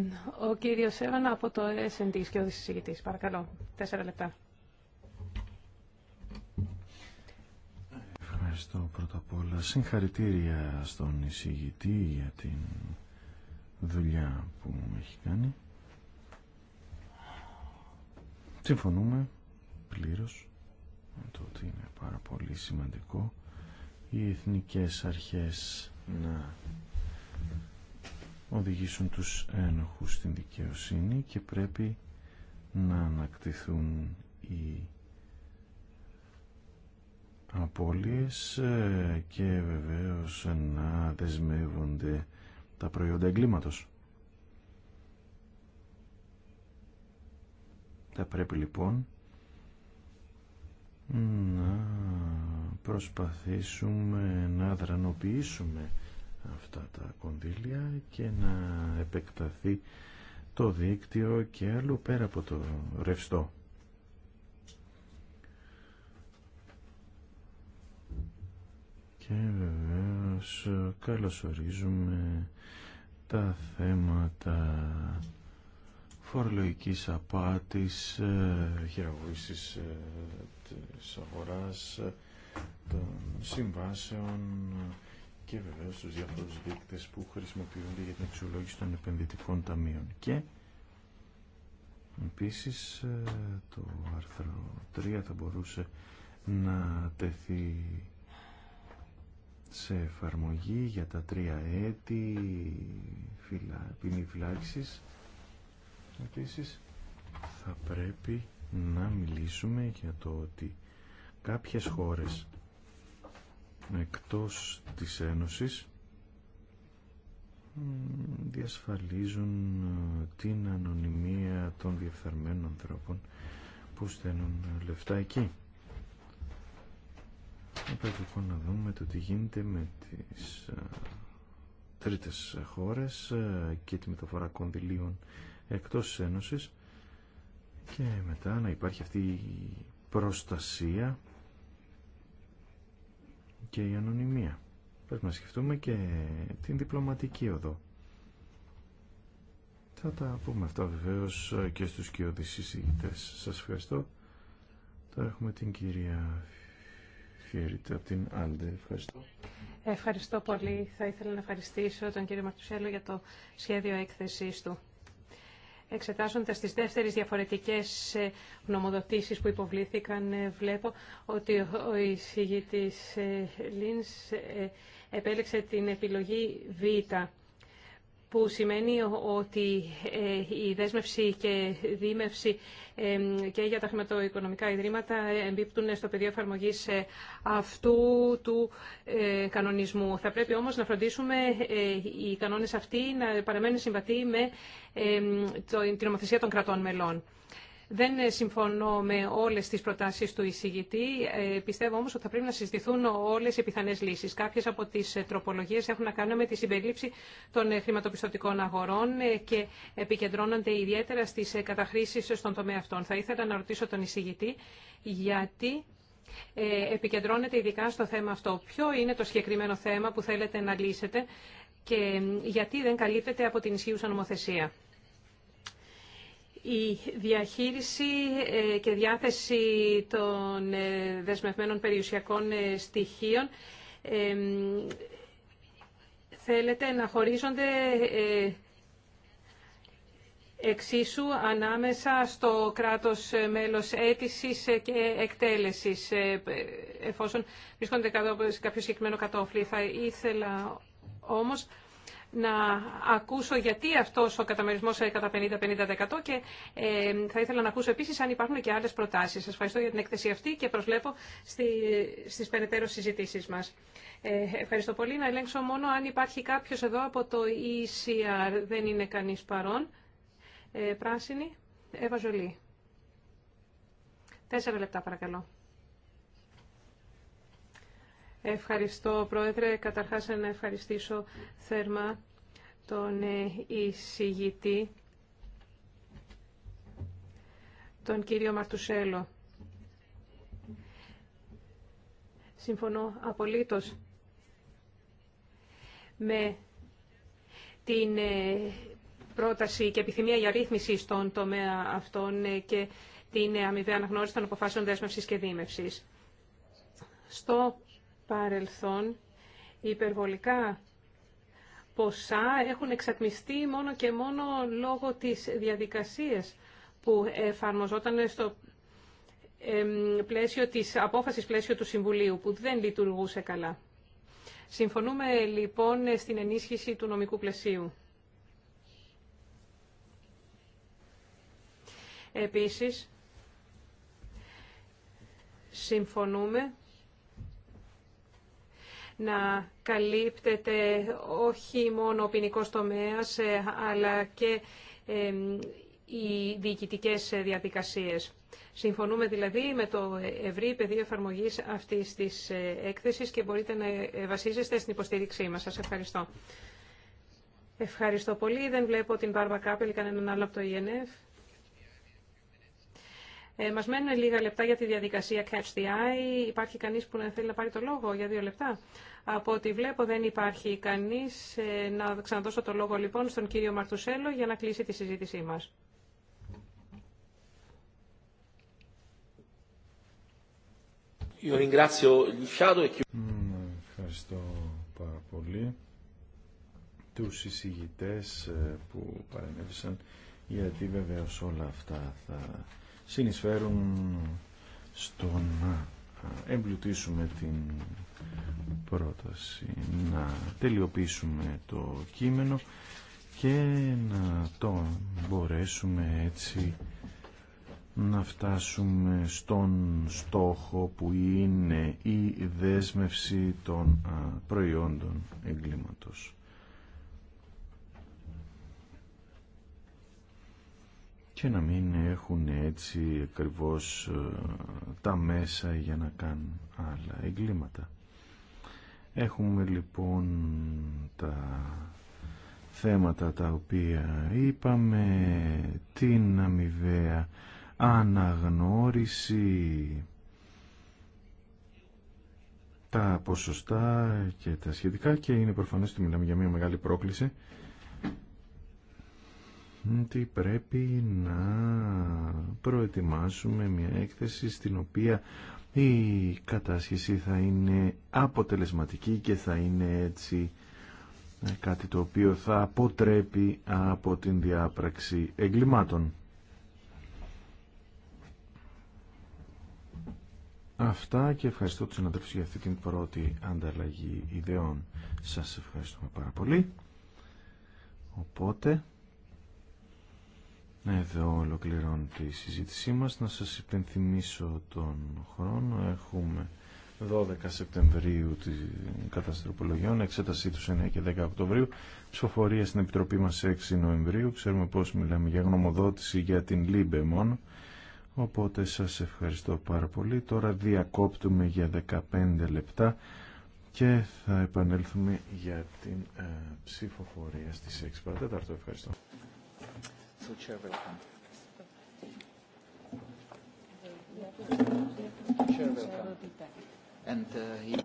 ο κύριος Εύανα από το S&D, ο συζητητής. Παρακαλώ, τέσσερα λεπτά. Ευχαριστώ πρώτα απ' όλα. Συγχαρητήρια στον εισηγητή για την δουλειά που έχει κάνει. Συμφωνούμε πλήρως με το ότι είναι πάρα πολύ σημαντικό οι εθνικές αρχές να οδηγήσουν τους ένοχους στην δικαιοσύνη και πρέπει να ανακτηθούν οι απώλειες ε, και βεβαίως να δεσμεύονται τα προϊόντα εγκλήματος. Θα πρέπει λοιπόν να προσπαθήσουμε να δρανοποιήσουμε αυτά τα κονδύλια και να επεκταθεί το δίκτυο και άλλο πέρα από το ρευστό. Και βεβαίως καλωσορίζουμε τα θέματα φορολογικής απάτης, ε, χειραγωγήσεις ε, της αγοράς, ε, των συμβάσεων και βεβαίω τους διάφορους δείκτες που χρησιμοποιούνται για την αξιολόγηση των επενδυτικών ταμείων. Και επίσης το άρθρο 3 θα μπορούσε να τεθεί σε εφαρμογή για τα τρία έτη ποινή φυλάξης. θα πρέπει να μιλήσουμε για το ότι κάποιες χώρες εκτός της Ένωσης διασφαλίζουν ε, την ανωνυμία των διεφθαρμένων ανθρώπων που στέλνουν λεφτά εκεί πρέπει λοιπόν να δούμε το τι γίνεται με τις ε, τρίτες χώρες ε, και τη μεταφορά κονδυλίων εκτός Ένωσης και μετά να υπάρχει αυτή η προστασία και η ανωνυμία. Πρέπει να σκεφτούμε και την διπλωματική οδό. Θα τα πούμε αυτά βεβαίως ε, και στους κοιόδης Σας ευχαριστώ. Τώρα έχουμε την κυρία την Ευχαριστώ. πολύ. Θα ήθελα να ευχαριστήσω τον κύριο Μαρτουσέλο για το σχέδιο έκθεσής του. Εξετάζοντα τις δεύτερες διαφορετικές ε, γνωμοδοτήσεις που υποβλήθηκαν, ε, βλέπω ότι ο εισηγητή ε, Λίνς επέλεξε την επιλογή Β που σημαίνει ότι ε, η δέσμευση και δίμευση ε, και για τα χρηματοοικονομικά ιδρύματα εμπίπτουν στο πεδίο εφαρμογή ε, αυτού του κανονισμού. Θα πρέπει όμως να φροντίσουμε οι κανόνες αυτοί να παραμένουν συμβατοί με την νομοθεσία των κρατών μελών. Δεν συμφωνώ με όλε τι προτάσει του εισηγητή, ε, πιστεύω όμω ότι θα πρέπει να συζητηθούν όλε οι πιθανέ λύσει. Κάποιε από τι τροπολογίε έχουν να κάνουν με τη συμπερίληψη των χρηματοπιστωτικών αγορών ε, και επικεντρώνονται ιδιαίτερα στι καταχρήσει στον τομέα αυτών. Θα ήθελα να ρωτήσω τον εισηγητή γιατί ε, επικεντρώνεται ειδικά στο θέμα αυτό. Ποιο είναι το συγκεκριμένο θέμα που θέλετε να λύσετε και γιατί δεν καλύπτεται από την ισχύουσα νομοθεσία η διαχείριση ε, και διάθεση των ε, δεσμευμένων περιουσιακών ε, στοιχείων θέλετε να χωρίζονται εξίσου ανάμεσα στο κράτος μέλος αίτησης και εκτέλεσης εφόσον βρίσκονται σε κάποιο συγκεκριμένο κατόφλι. Θα ήθελα όμως να ακούσω γιατί αυτός ο καταμερισμός κατά 50-50% και ε, θα ήθελα να ακούσω επίσης αν υπάρχουν και άλλες προτάσεις. Σας ευχαριστώ για την εκθεσή αυτή και προσβλέπω στι στις περαιτέρω συζητήσεις μας. Ε, ευχαριστώ πολύ. Να ελέγξω μόνο αν υπάρχει κάποιος εδώ από το ECR. Δεν είναι κανείς παρόν. Ε, πράσινη. Εύα Ζολή. Τέσσερα λεπτά παρακαλώ. Ευχαριστώ, Πρόεδρε. Καταρχάς, να ευχαριστήσω θερμά τον εισηγητή, τον κύριο Μαρτουσέλο. Συμφωνώ απολύτως με την ε, πρόταση και επιθυμία για ρύθμιση στον τομέα αυτών ε, και την αμοιβή αναγνώριση των αποφάσεων δέσμευσης και δίμευσης. Στο παρελθόν υπερβολικά ποσά έχουν εξατμιστεί μόνο και μόνο λόγω της διαδικασίας που εφαρμοζόταν στο πλαίσιο της απόφασης πλαίσιο του Συμβουλίου που δεν λειτουργούσε καλά. Συμφωνούμε λοιπόν στην ενίσχυση του νομικού πλαισίου. Επίσης, συμφωνούμε να καλύπτεται όχι μόνο ο ποινικό τομέα, ε, αλλά και οι διοικητικέ διαδικασίε. Συμφωνούμε δηλαδή με το ευρύ πεδίο εφαρμογή αυτή τη ε, έκθεση και μπορείτε να ε, βασίζεστε στην υποστήριξή μα. Σα ευχαριστώ. Ευχαριστώ πολύ. Δεν βλέπω την Μπάρμπα Κάπελ, κανέναν άλλο από το ΙΕΝΕΦ. E ε, μας μένουν λίγα λεπτά για τη διαδικασία Catch the Eye. Υπάρχει κανεί που να θέλει να πάρει το λόγο για δύο λεπτά. Από ό,τι βλέπω δεν υπάρχει κανεί. Ε, να ξαναδώσω το λόγο λοιπόν στον κύριο Μαρτουσέλο για να κλείσει τη συζήτησή μας. E ευχαριστώ πάρα πολύ τους εισηγητές ε, που παρενέβησαν γιατί βεβαίως όλα αυτά θα συνεισφέρουν στο να εμπλουτίσουμε την πρόταση, να τελειοποιήσουμε το κείμενο και να το μπορέσουμε έτσι να φτάσουμε στον στόχο που είναι η δέσμευση των προϊόντων εγκλήματος. και να μην έχουν έτσι ακριβώ ε, τα μέσα για να κάνουν άλλα εγκλήματα. Έχουμε λοιπόν τα θέματα τα οποία είπαμε, την αμοιβαία αναγνώριση, τα ποσοστά και τα σχετικά και είναι προφανές ότι μιλάμε για μια μεγάλη πρόκληση ότι πρέπει να προετοιμάσουμε μια έκθεση στην οποία η κατάσχεση θα είναι αποτελεσματική και θα είναι έτσι ε, κάτι το οποίο θα αποτρέπει από την διάπραξη εγκλημάτων. Αυτά και ευχαριστώ τους συναδέλφους για αυτή την πρώτη ανταλλαγή ιδεών. Σας ευχαριστούμε πάρα πολύ. Οπότε... Ναι, εδώ ολοκληρώνω τη συζήτησή μας. Να σας υπενθυμίσω τον χρόνο. Έχουμε 12 Σεπτεμβρίου τη καταστροπολογιών, εξέτασή τους 9 και 10 Οκτωβρίου, ψηφοφορία στην Επιτροπή μας 6 Νοεμβρίου. Ξέρουμε πώς μιλάμε για γνωμοδότηση για την ΛΥΜΠΕ μόνο. Οπότε σας ευχαριστώ πάρα πολύ. Τώρα διακόπτουμε για 15 λεπτά και θα επανέλθουμε για την ε, ψηφοφορία στις 6 παρατέταρτο. Ευχαριστώ. So chair And he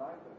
online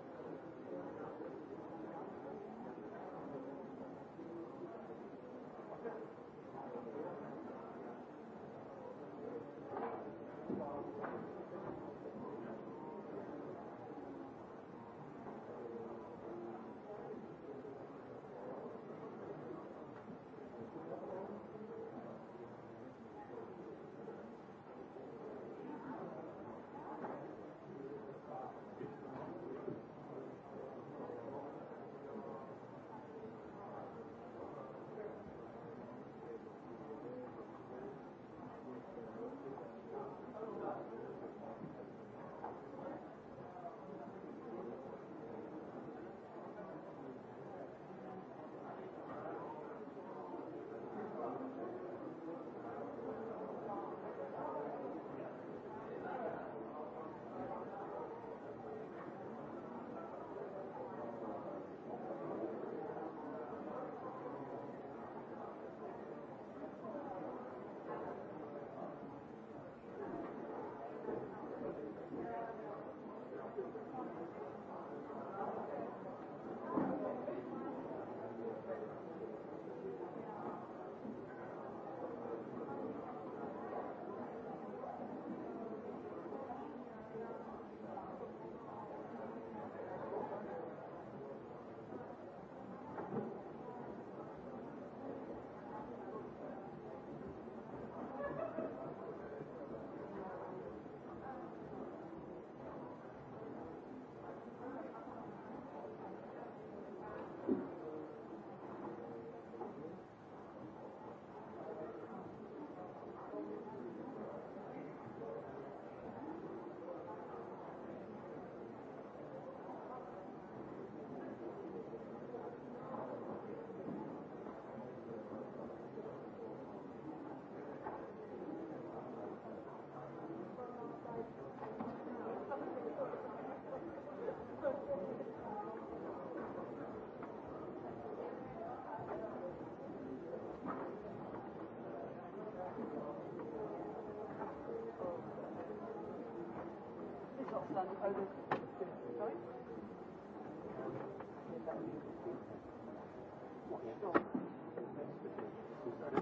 Sorry?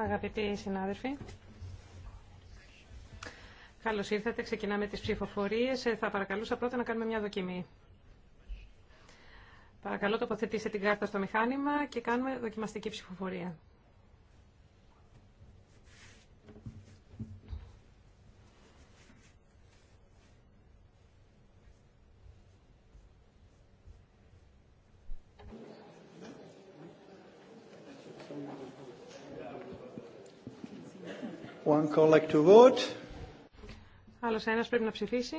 Αγαπητοί συνάδελφοι, καλώς ήρθατε. Ξεκινάμε τις ψηφοφορίες. Ε, θα παρακαλούσα πρώτα να κάνουμε μια δοκιμή. Παρακαλώ τοποθετήστε την κάρτα στο μηχάνημα και κάνουμε δοκιμαστική ψηφοφορία. One ένα vote. Άλλος ένας πρέπει να ψηφίσει.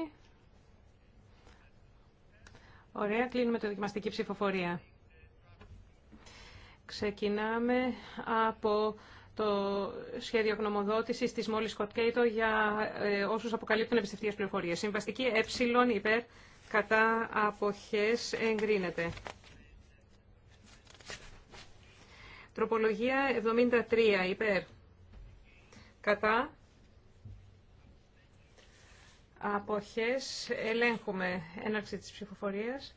Ωραία, κλείνουμε τη δοκιμαστική ψηφοφορία. Ξεκινάμε από το σχέδιο γνωμοδότηση τη Μόλι Κοτκέιτο για ε, όσου αποκαλύπτουν εμπιστευτικέ πληροφορίε. Συμβαστική ε υπέρ κατά αποχέ εγκρίνεται. Τροπολογία 73 υπέρ κατά αποχές ελέγχουμε έναρξη της ψηφοφορίας.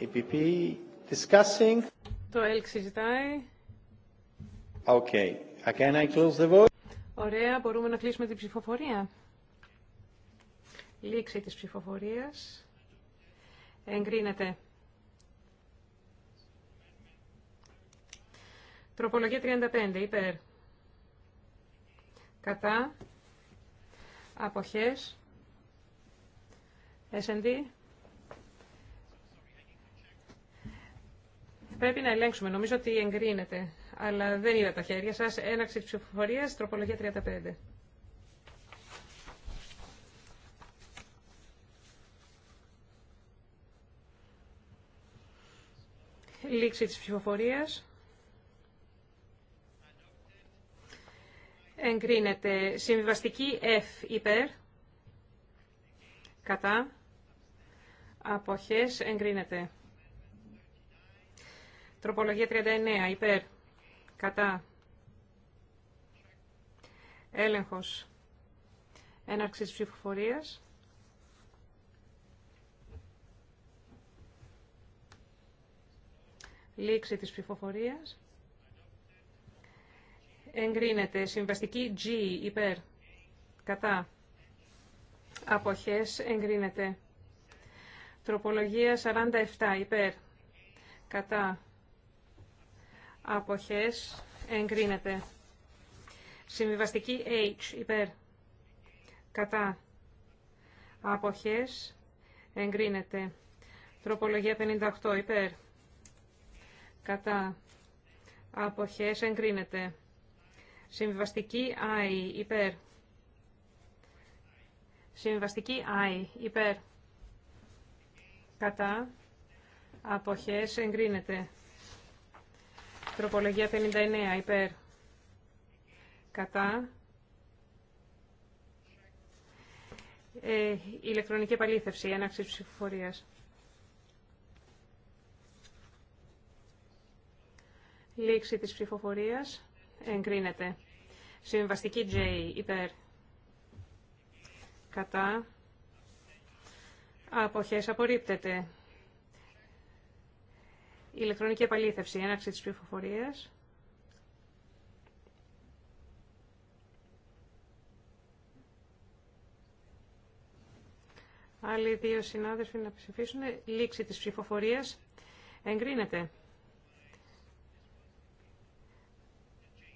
APP discussing. Το ΕΛΚ συζητάει. Okay. Can I close the vote? Ωραία, μπορούμε να κλείσουμε την ψηφοφορία. Λήξη της ψηφοφορίας. Εγκρίνεται. Τροπολογία 35, υπέρ. Κατά. Αποχές. S&D. Πρέπει να ελέγξουμε. Νομίζω ότι εγκρίνεται αλλά δεν είδα τα χέρια σας. Έναξη της ψηφοφορίας, τροπολογία 35. Λήξη της ψηφοφορίας. Εγκρίνεται συμβιβαστική F υπέρ. Κατά. Αποχές εγκρίνεται. Τροπολογία 39 υπέρ. Κατά. Έλεγχος έναρξης ψηφοφορίας. Λήξη της ψηφοφορίας. Εγκρίνεται συμβαστική G υπέρ. Κατά. Αποχές εγκρίνεται. Τροπολογία 47 υπέρ. Κατά αποχές εγκρίνεται. Συμβιβαστική H υπέρ κατά αποχές εγκρίνεται. Τροπολογία 58 υπέρ κατά αποχές εγκρίνεται. Συμβιβαστική I υπέρ Συμβαστική I υπέρ κατά αποχές εγκρίνεται. Τροπολογία 59 υπέρ. Κατά. Ε, ηλεκτρονική επαλήθευση, έναξη ψηφοφορίας. Λήξη της ψηφοφορίας. Εγκρίνεται. Συμβαστική J υπέρ. Κατά. Αποχές απορρίπτεται ηλεκτρονική επαλήθευση, έναρξη της ψηφοφορίας. Άλλοι δύο συνάδελφοι να ψηφίσουν. Λήξη της ψηφοφορίας. Εγκρίνεται.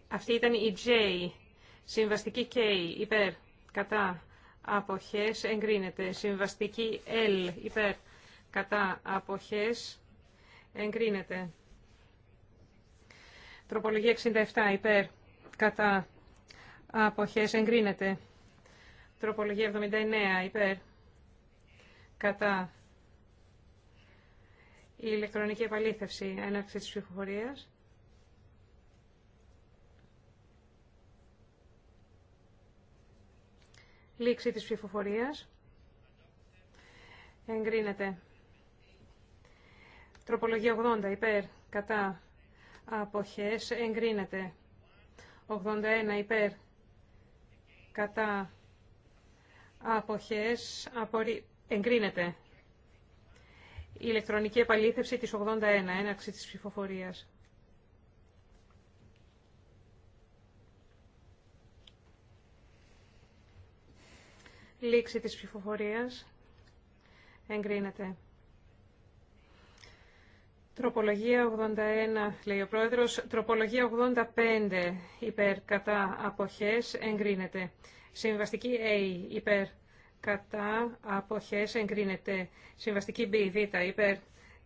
Αυτή ήταν η J. Συμβαστική K. Υπέρ. Κατά. Αποχές. Εγκρίνεται. Συμβαστική L. Υπέρ. Κατά. Αποχές εγκρίνεται. Τροπολογία 67 υπέρ κατά αποχές εγκρίνεται. Τροπολογία 79 υπέρ κατά η ηλεκτρονική επαλήθευση έναρξη της ψηφοφορίας. Λήξη της ψηφοφορίας. Εγκρίνεται. Τροπολογία 80 υπέρ κατά αποχές εγκρίνεται. 81 υπέρ κατά αποχές απορρι... εγκρίνεται. Η ηλεκτρονική επαλήθευση της 81, έναρξη της ψηφοφορίας. Λήξη της ψηφοφορίας εγκρίνεται. Τροπολογία 81, λέει ο Πρόεδρος. Τροπολογία 85, υπέρ κατά αποχές, εγκρίνεται. Συμβαστική A, υπέρ κατά αποχές, εγκρίνεται. Συμβαστική B, Β, υπέρ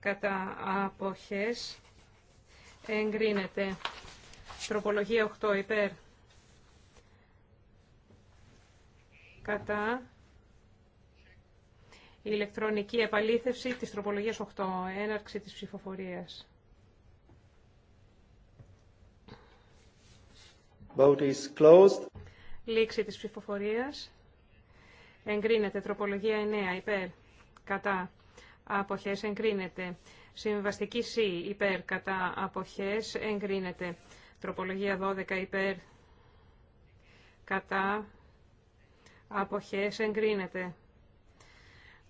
κατά αποχές, εγκρίνεται. Τροπολογία 8, υπέρ κατά η ηλεκτρονική επαλήθευση της τροπολογίας 8, έναρξη της ψηφοφορίας. Vote is closed. Λήξη της ψηφοφορίας. Εγκρίνεται τροπολογία 9, υπέρ, κατά, αποχές, εγκρίνεται. Συμβαστική C, υπέρ, κατά, αποχές, εγκρίνεται. Τροπολογία 12, υπέρ, κατά, αποχές, εγκρίνεται.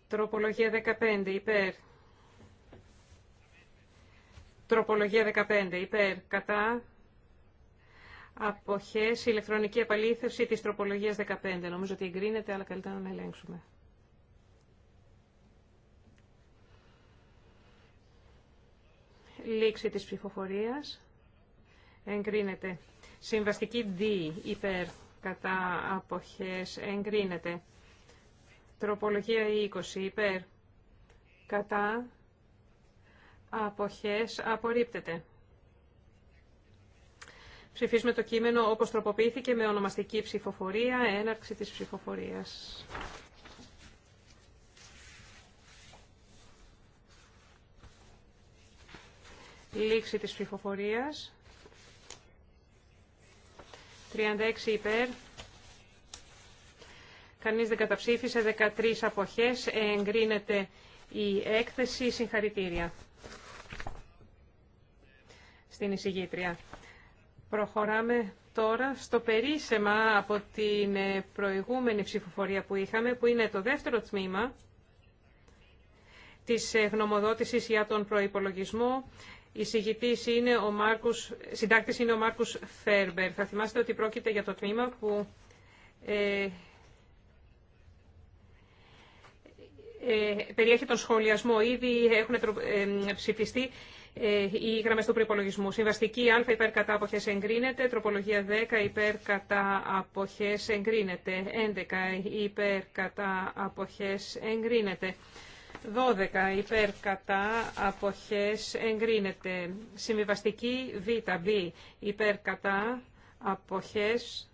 Τροπολογία 15 υπέρ. Τροπολογία 15 υπέρ. Κατά. Αποχές, ηλεκτρονική επαλήθευση της τροπολογίας 15. Νομίζω ότι εγκρίνεται, αλλά καλύτερα να ελέγξουμε. Λήξη της ψηφοφορίας. Εγκρίνεται. Συμβαστική D υπέρ κατά αποχές εγκρίνεται. Τροπολογία 20 υπέρ. Κατά. Αποχές απορρίπτεται. Ψηφίζουμε το κείμενο όπως τροποποιήθηκε με ονομαστική ψηφοφορία, έναρξη της ψηφοφορίας. Λήξη της ψηφοφορίας. 36 υπέρ, Κανείς δεν καταψήφισε, 13 αποχές, εγκρίνεται η έκθεση, συγχαρητήρια στην εισηγήτρια. Προχωράμε τώρα στο περίσεμα από την ε, προηγούμενη ψηφοφορία που είχαμε, που είναι το δεύτερο τμήμα της ε, γνωμοδότησης για τον προϋπολογισμό. Η είναι ο Μάρκους, συντάκτης είναι ο Μάρκους Φέρμπερ. Θα θυμάστε ότι πρόκειται για το τμήμα που ε, Ε, περιέχει τον σχολιασμό. Ήδη έχουν ε, ψηφιστεί ε, οι γραμμέ του προπολογισμού. Συμβαστική α υπέρ κατά αποχές εγκρίνεται, τροπολογία 10 υπέρ κατά αποχές εγκρίνεται, 11 υπέρ κατά αποχές εγκρίνεται. 12 υπέρ κατά αποχές εγκρίνεται. Συμβιβαστική Β, Β υπέρ κατά αποχές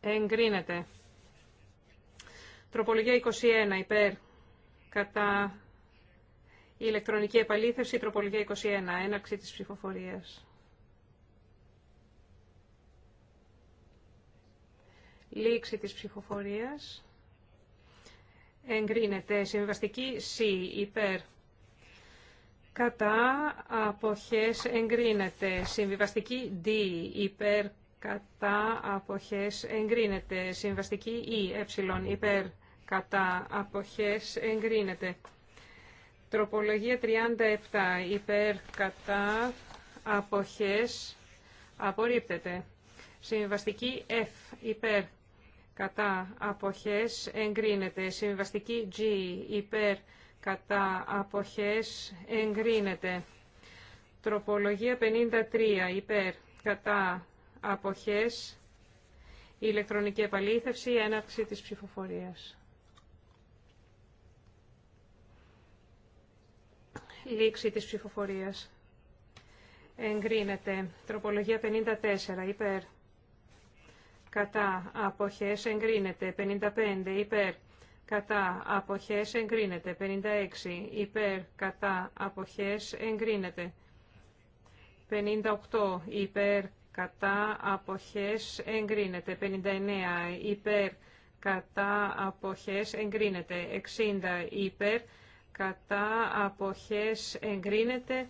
εγκρίνεται. Τροπολογία 21 υπέρ κατά η ηλεκτρονική επαλήθευση, τροπολογία 21, έναρξη της ψηφοφορίας. Λήξη της ψηφοφορίας. Εγκρίνεται συμβιβαστική C υπέρ. Κατά αποχές εγκρίνεται συμβιβαστική D υπέρ κατά αποχές εγκρίνεται. Συμβαστική Ή, e, ε, υπέρ, κατά αποχές εγκρίνεται. Τροπολογία 37, υπέρ, κατά αποχές απορρίπτεται. Συμβαστική F, υπέρ, κατά αποχές εγκρίνεται. Συμβαστική G, υπέρ, κατά αποχές εγκρίνεται. Τροπολογία 53, υπέρ, κατά αποχές, η ηλεκτρονική επαλήθευση, η έναρξη της ψηφοφορίας. Λήξη της ψηφοφορίας. Εγκρίνεται. Τροπολογία 54. Υπέρ. Κατά. Αποχές. Εγκρίνεται. 55. Υπέρ. Κατά. Αποχές. Εγκρίνεται. 56. Υπέρ. Κατά. Αποχές. Εγκρίνεται. 58. Υπέρ κατά αποχές εγκρίνεται. 59 υπέρ κατά αποχές εγκρίνεται. 60 υπέρ κατά αποχές εγκρίνεται.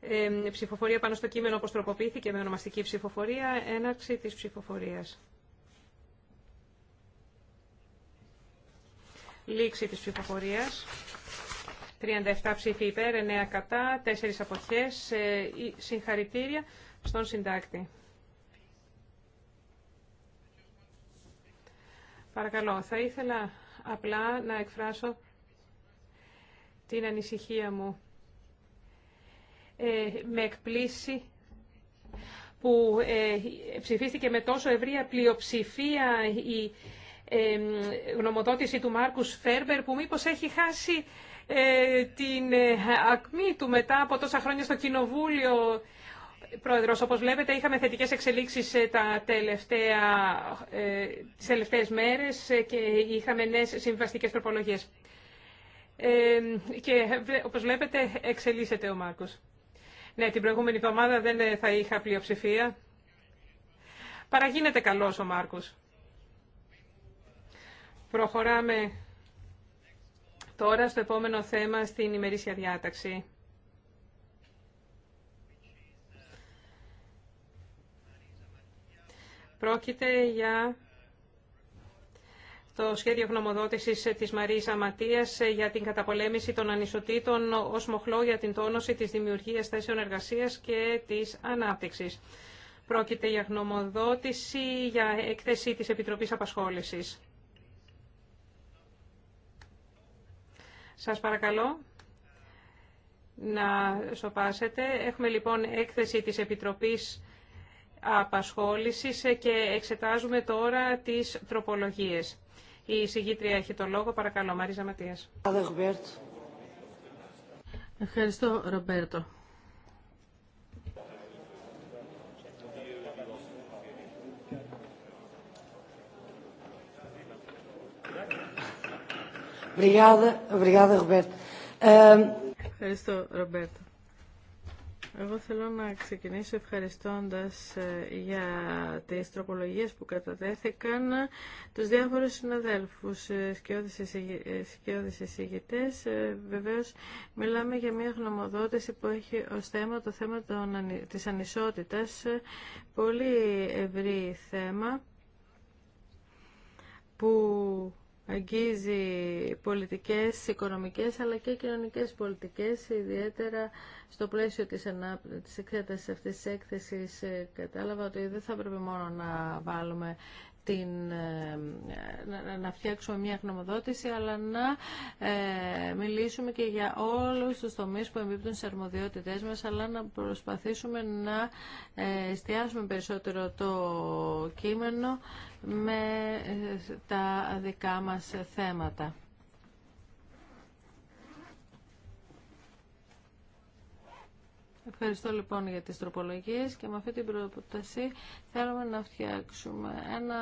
Ε, ψηφοφορία πάνω στο κείμενο όπως τροποποιήθηκε με ονομαστική ψηφοφορία. Έναρξη της ψηφοφορίας. Λήξη της ψηφοφορίας. 37 ψήφοι υπέρ, 9 κατά, 4 αποχές. Ε, συγχαρητήρια στον συντάκτη. Παρακαλώ, θα ήθελα απλά να εκφράσω την ανησυχία μου. Ε, με εκπλήσει που ε, ψηφίστηκε με τόσο ευρία πλειοψηφία η ε, γνωμοδότηση του Μάρκους Φέρμπερ που μήπως έχει χάσει ε, την ακμή του μετά από τόσα χρόνια στο Κοινοβούλιο Πρόεδρος, όπως βλέπετε είχαμε θετικές εξελίξεις ε, τα τελευταία, ε, τις τελευταίες μέρες ε, και είχαμε νέες συμβαστικές τροπολογίες. Ε, και όπως βλέπετε εξελίσσεται ο Μάρκος. Ναι, την προηγούμενη εβδομάδα δεν θα είχα πλειοψηφία. Παραγίνεται καλός ο Μάρκος. Προχωράμε τώρα στο επόμενο θέμα στην ημερήσια διάταξη. Πρόκειται για το σχέδιο γνωμοδότησης της Μαρίας Αματίας για την καταπολέμηση των ανισοτήτων ως μοχλό για την τόνωση της δημιουργίας θέσεων εργασίας και της ανάπτυξης. Πρόκειται για γνωμοδότηση για έκθεση της Επιτροπής Απασχόλησης. Σας παρακαλώ να σοπάσετε. Έχουμε λοιπόν έκθεση της Επιτροπής απασχόλησης και εξετάζουμε τώρα τις τροπολογίες. Η συγγήτρια έχει το λόγο. Παρακαλώ, Μαρίζα Ματίας. Ευχαριστώ, Ρομπέρτο. Ehm, Ευχαριστώ, Ρομπέρτο. Εγώ θέλω να ξεκινήσω ευχαριστώντας ε, για τις τροπολογίες που κατατέθηκαν τους διάφορους συναδέλφους, ε, ε, σκιώδεις εισηγητές. Βεβαίως μιλάμε για μια γνωμοδότηση που έχει ως θέμα το θέμα των, της ανισότητας, πολύ ευρύ θέμα που αγγίζει πολιτικές, οικονομικές αλλά και κοινωνικές πολιτικές, ιδιαίτερα στο πλαίσιο της, ανά... της εξέτασης αυτής της έκθεσης ε, κατάλαβα ότι δεν θα πρέπει μόνο να βάλουμε την, ε, να φτιάξουμε μια γνωμοδότηση, αλλά να ε, μιλήσουμε και για όλους τους τομείς που εμπίπτουν στις αρμοδιότητές μας, αλλά να προσπαθήσουμε να ε, εστιάσουμε περισσότερο το κείμενο με τα δικά μας θέματα. Ευχαριστώ λοιπόν για τις τροπολογίες και με αυτή την προτασή θέλουμε να φτιάξουμε ένα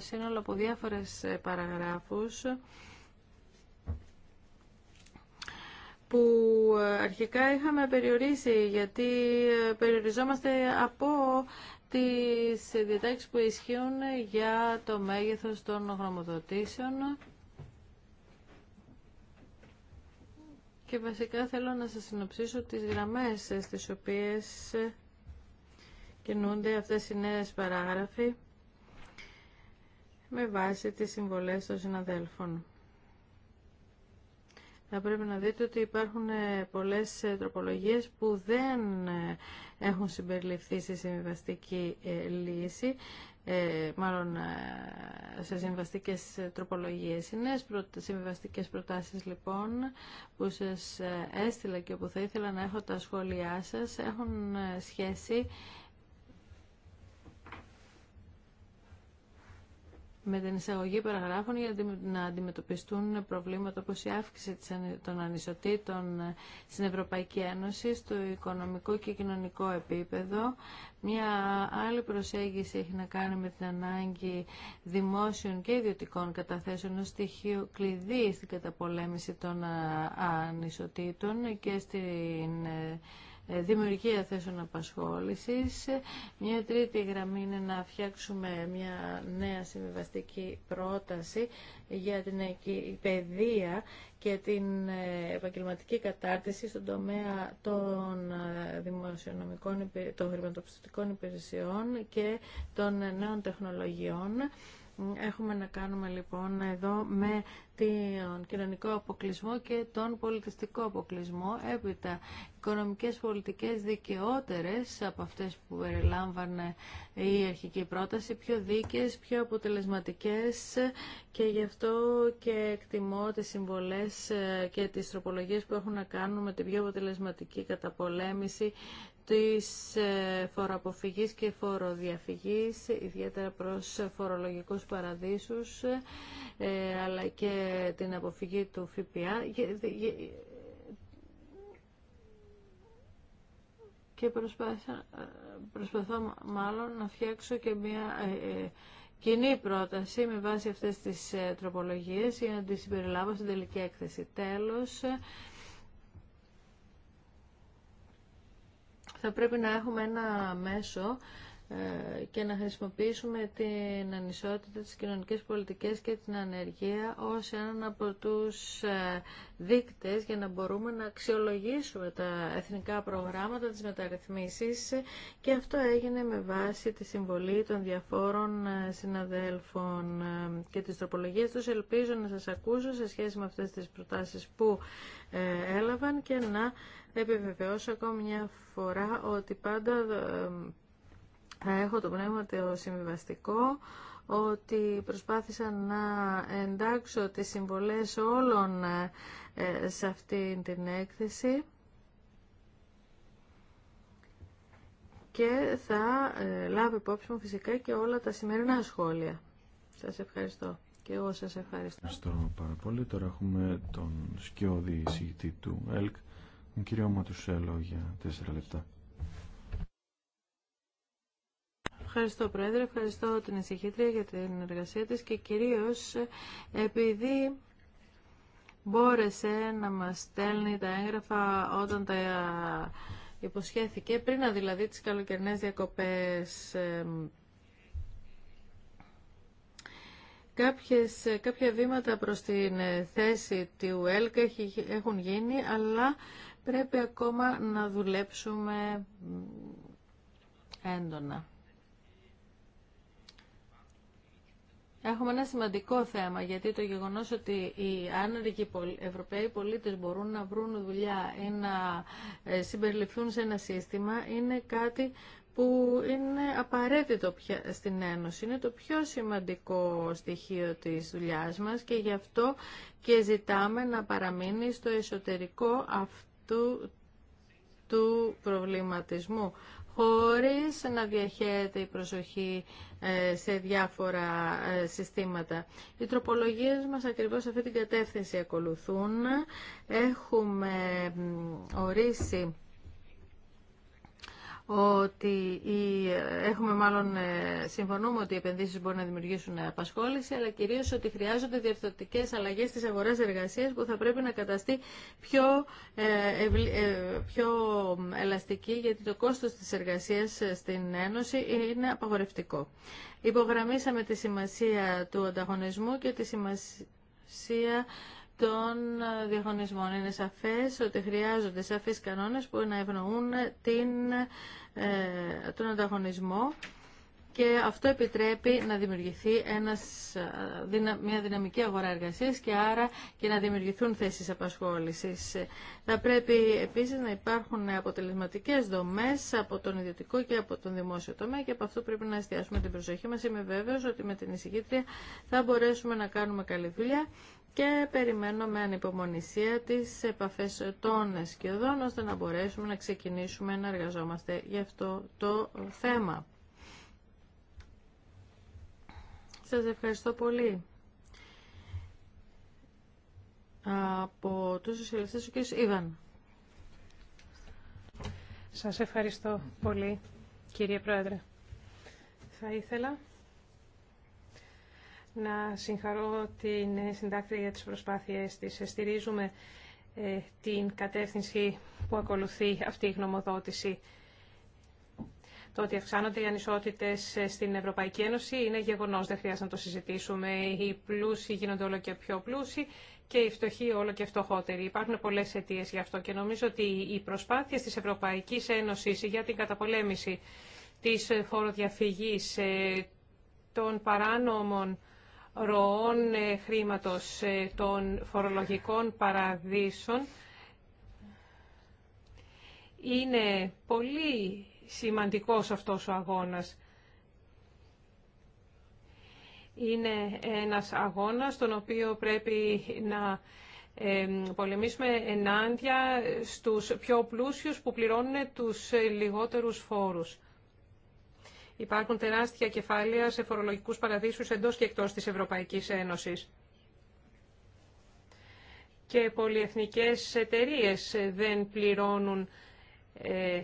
σύνολο από διάφορες ε, παραγράφους που ε, αρχικά είχαμε περιορίσει γιατί ε, περιοριζόμαστε από τις διατάξεις που ισχύουν για το μέγεθος των γνωμοδοτήσεων και βασικά θέλω να σας συνοψίσω τις γραμμές στις οποίες κινούνται αυτές οι νέες παράγραφοι με βάση τις συμβολές των συναδέλφων. Θα πρέπει να δείτε ότι υπάρχουν ε, πολλές ε, τροπολογίες που δεν ε, έχουν συμπεριληφθεί στη συμβιβαστική λύση ε, μάλλον ε, σε συμβαστικές τροπολογίες. Οι προ, συμβαστικές προτάσεις λοιπόν που σας ε, έστειλα και που θα ήθελα να έχω τα σχόλιά σας έχουν σχέση με την εισαγωγή παραγράφων για να αντιμετωπιστούν προβλήματα όπως η αύξηση των ανισοτήτων ε, στην Ευρωπαϊκή Ένωση, στο οικονομικό και κοινωνικό επίπεδο. Μια άλλη προσέγγιση έχει να κάνει με την ανάγκη δημόσιων και ιδιωτικών καταθέσεων ως στοιχείο κλειδί στην καταπολέμηση των ε, ανισοτήτων και στην ε, ε, δημιουργία θέσεων απασχόλησης. Μια τρίτη γραμμή είναι να φτιάξουμε μια νέα συμβιβαστική πρόταση για την παιδεία και την ε, επαγγελματική κατάρτιση στον τομέα των ε, δημοσιονομικών, των χρηματοπιστωτικών υπηρεσιών και των νέων τεχνολογιών Έχουμε να κάνουμε λοιπόν εδώ με τον κοινωνικό αποκλεισμό και τον πολιτιστικό αποκλεισμό. Έπειτα, οικονομικές πολιτικές δικαιότερες από αυτές που περιλάμβανε η αρχική πρόταση, πιο δίκαιες, πιο αποτελεσματικές και γι' αυτό και εκτιμώ τις συμβολές ε, και τις τροπολογίες που έχουν να κάνουν με την πιο αποτελεσματική καταπολέμηση της ε, φοροαποφυγής και φοροδιαφυγής, ιδιαίτερα προς φορολογικούς παραδείσους, ε, αλλά και την αποφυγή του ΦΠΑ και προσπαθώ μάλλον να φτιάξω και μια ε, κοινή πρόταση με βάση αυτές τις τροπολογίες για να τις συμπεριλάβω στην τελική έκθεση. Τέλος, θα πρέπει να έχουμε ένα μέσο ε, και να χρησιμοποιήσουμε την ανισότητα, τις κοινωνικές πολιτικές και την ανεργία ως έναν από τους ε, δείκτες για να μπορούμε να αξιολογήσουμε τα εθνικά προγράμματα, της μεταρρυθμίσεις και αυτό έγινε με βάση τη συμβολή των διαφόρων ε, συναδέλφων και της τροπολογίας τους. Ελπίζω να σας ακούσω σε σχέση με αυτές τις προτάσεις που έλαβαν και να επιβεβαιώσω ακόμη μια φορά ότι πάντα ε, θα έχω το πνεύμα το συμβιβαστικό, ότι προσπάθησα να εντάξω τις συμβολές όλων ε, σε αυτή την έκθεση και θα ε, λάβω υπόψη μου φυσικά και όλα τα σημερινά σχόλια. Σας ευχαριστώ. Και εγώ σας ευχαριστώ. Ευχαριστώ πάρα πολύ. Τώρα έχουμε τον σκιώδη εισηγητή του ΕΛΚ, Κύριε Ματουσέλο για τέσσερα λεπτά. Ευχαριστώ Πρόεδρε, ευχαριστώ την εισηγήτρια για την εργασία της και κυρίως επειδή μπόρεσε να μας στέλνει τα έγγραφα όταν τα υποσχέθηκε, πριν δηλαδή τις καλοκαιρινές διακοπές Κάποιες, κάποια βήματα προς την θέση του ΕΛΚ έχουν γίνει, αλλά πρέπει ακόμα να δουλέψουμε έντονα. Έχουμε ένα σημαντικό θέμα, γιατί το γεγονός ότι οι άνεργοι Ευρωπαίοι πολίτες μπορούν να βρουν δουλειά ή να ε, συμπεριληφθούν σε ένα σύστημα είναι κάτι που είναι απαραίτητο πια στην Ένωση. Είναι το πιο σημαντικό στοιχείο της δουλειάς μας και γι' αυτό και ζητάμε να παραμείνει στο εσωτερικό αυτό του του προβληματισμού χωρίς να διαχέεται η προσοχή ε, σε διάφορα ε, συστήματα. Οι τροπολογίες μας ακριβώς αυτή την κατεύθυνση ακολουθούν. Έχουμε ορίσει ότι έχουμε μάλλον ε, συμφωνούμε ότι οι επενδύσει μπορούν να δημιουργήσουν απασχόληση, αλλά κυρίως ότι χρειάζονται διευθυντικές αλλαγές στις αγορές εργασία που θα πρέπει να καταστεί πιο, ε, ε, πιο ελαστική, γιατί το κόστος τη εργασία στην Ένωση είναι απαγορευτικό. Υπογραμμίσαμε τη σημασία του ανταγωνισμού και τη σημασία των διαγωνισμών. Είναι σαφές ότι χρειάζονται σαφείς κανόνες που να ευνοούν την ε, τον ανταγωνισμό και αυτό επιτρέπει να δημιουργηθεί ένας, μια δυναμική αγορά εργασίας και άρα και να δημιουργηθούν θέσεις απασχόλησης. Θα πρέπει επίσης να υπάρχουν αποτελεσματικές δομές από τον ιδιωτικό και από τον δημόσιο τομέα και από αυτό πρέπει να εστιάσουμε την προσοχή μας. Είμαι βέβαιος ότι με την εισηγήτρια θα μπορέσουμε να κάνουμε καλή δουλειά και περιμένω με ανυπομονησία τις επαφές των σκιωδών ώστε να μπορέσουμε να ξεκινήσουμε να εργαζόμαστε γι' αυτό το θέμα. Σας ευχαριστώ πολύ. Από τους σοσιαλιστές ο κ. Ιβαν. Σας ευχαριστώ πολύ, κύριε Πρόεδρε. Θα ήθελα να συγχαρώ την συντάκτη για τις προσπάθειές της. Στηρίζουμε ε, την κατεύθυνση που ακολουθεί αυτή η γνωμοδότηση. Το ότι αυξάνονται οι ανισότητε ε, στην Ευρωπαϊκή Ένωση είναι γεγονός, δεν χρειάζεται να το συζητήσουμε. Οι πλούσιοι γίνονται όλο και πιο πλούσιοι και οι φτωχοί όλο και φτωχότεροι. Υπάρχουν πολλές αιτίε γι' αυτό και νομίζω ότι οι προσπάθειε της Ευρωπαϊκής Ένωση για την καταπολέμηση της φοροδιαφυγής ε, των παράνομων ροών ε, χρήματος των φορολογικών παραδείσων είναι πολύ σημαντικός αυτός ο αγώνας. Είναι ένας αγώνας τον οποίο πρέπει να πολεμήσουμε ενάντια στους πιο πλούσιους που πληρώνουν τους λιγότερους φόρους. Υπάρχουν τεράστια κεφάλαια σε φορολογικούς παραδείσους εντός και εκτός της Ευρωπαϊκής Ένωσης. Και πολυεθνικές εταιρείες δεν πληρώνουν ε,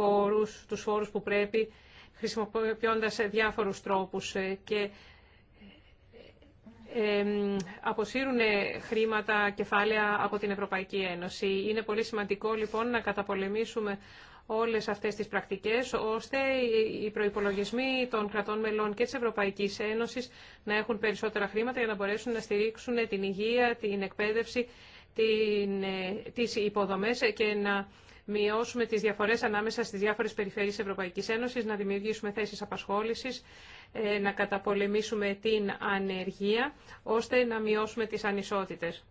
φόρους, τους φόρους που πρέπει, χρησιμοποιώντας διάφορους τρόπους ε, και ε, ε, αποσύρουν χρήματα, κεφάλαια από την Ευρωπαϊκή Ένωση. Είναι πολύ σημαντικό λοιπόν να καταπολεμήσουμε όλες αυτές τις πρακτικές, ώστε οι προϋπολογισμοί των κρατών μελών και της Ευρωπαϊκής Ένωσης να έχουν περισσότερα χρήματα για να μπορέσουν να στηρίξουν την υγεία, την εκπαίδευση, την, τις υποδομές και να μειώσουμε τις διαφορές ανάμεσα στις διάφορες περιφέρειες Ευρωπαϊκής Ένωσης, να δημιουργήσουμε θέσεις απασχόλησης, ε, να καταπολεμήσουμε την ανεργία, ώστε να μειώσουμε τις ανισότητες.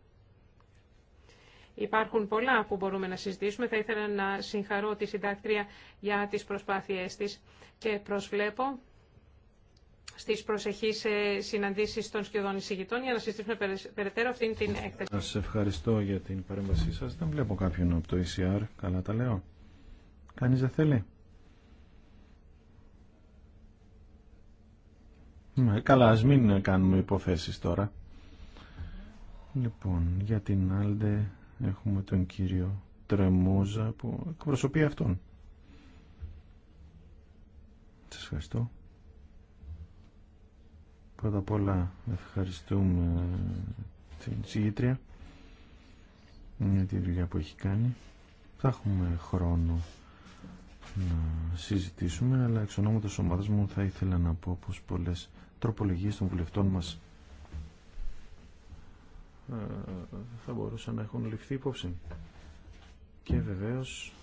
Υπάρχουν πολλά που μπορούμε να συζητήσουμε. Θα ήθελα να συγχαρώ τη συντάκτρια για τις προσπάθειές της και προσβλέπω στι προσεχεί ε, συναντήσει των σκιωδών εισηγητών για να συζητήσουμε περαιτέρω αυτήν την έκθεση. Σα ευχαριστώ για την παρέμβασή σας. Δεν βλέπω κάποιον από το ECR. Καλά τα λέω. Κανείς δεν θέλει. Ναι, καλά, ας μην κάνουμε υποθέσεις τώρα. Λοιπόν, για την Άλντε έχουμε τον κύριο Τρεμόζα που εκπροσωπεί αυτόν. Σας ευχαριστώ. Πρώτα απ' όλα ευχαριστούμε την συγγήτρια για τη δουλειά που έχει κάνει. Θα έχουμε χρόνο να συζητήσουμε, αλλά εξ ονόματος ομάδας μου θα ήθελα να πω πως πολλές τροπολογίες των βουλευτών μας ε, θα μπορούσαν να έχουν ληφθεί υπόψη. Και βεβαίως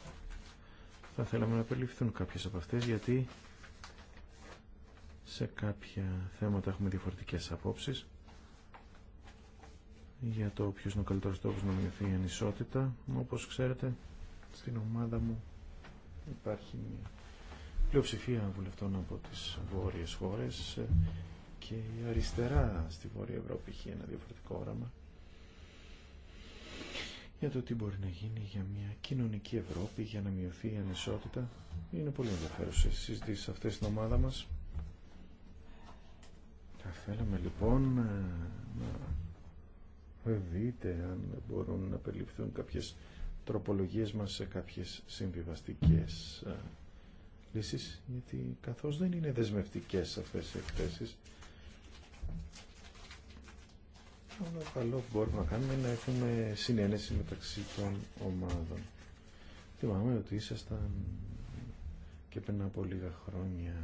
θα θέλαμε να περιληφθούν κάποιες από αυτές γιατί σε κάποια θέματα έχουμε διαφορετικές απόψεις για το ποιος είναι ο καλύτερος τρόπος να μειωθεί η ανισότητα. Όπως ξέρετε, στην ομάδα μου υπάρχει μια πλειοψηφία βουλευτών από τις βόρειες χώρες και η αριστερά στη Βόρεια Ευρώπη έχει ένα διαφορετικό όραμα για το τι μπορεί να γίνει για μια κοινωνική Ευρώπη για να μειωθεί η ανισότητα. Είναι πολύ σε συζητήσει αυτές στην ομάδα μας θα θέλαμε λοιπόν ε, να δείτε αν μπορούν να περιληφθούν κάποιες τροπολογίες μας σε κάποιες συμβιβαστικές ε, λύσεις γιατί καθώς δεν είναι δεσμευτικές αυτές οι εκθέσεις αλλά καλό που μπορούμε να κάνουμε είναι να έχουμε συνένεση μεταξύ των ομάδων. Θυμάμαι ότι ήσασταν και πριν από λίγα χρόνια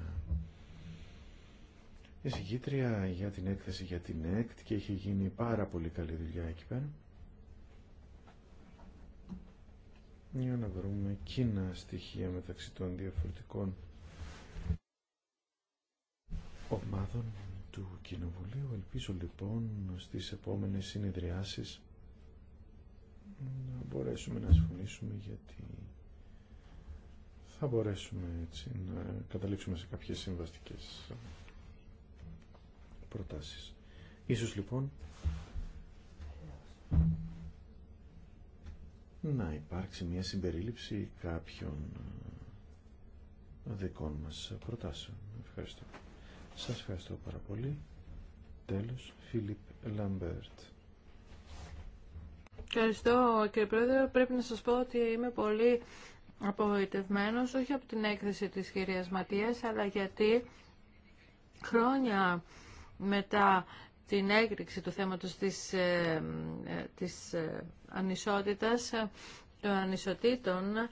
εισηγήτρια για την έκθεση για την ΕΚΤ και έχει γίνει πάρα πολύ καλή δουλειά εκεί πέρα. Για να βρούμε κοινά στοιχεία μεταξύ των διαφορετικών ομάδων του Κοινοβουλίου. Ελπίζω λοιπόν στις επόμενες συνεδριάσεις να μπορέσουμε να συμφωνήσουμε γιατί θα μπορέσουμε έτσι να καταλήξουμε σε κάποιες συμβαστικές προτάσεις. Ίσως λοιπόν να υπάρξει μια συμπερίληψη κάποιων ε, δικών μας προτάσεων. Ευχαριστώ. Σας ευχαριστώ πάρα πολύ. Τέλος, Φίλιπ Λαμπέρτ. Ευχαριστώ κύριε Πρόεδρε. Πρέπει να σας πω ότι είμαι πολύ απογοητευμένος, όχι από την έκθεση της κυρίας Ματίας, αλλά γιατί χρόνια μετά την έκρηξη του θέματος της, ε, ε, της ε, ανισότητας των ανισοτήτων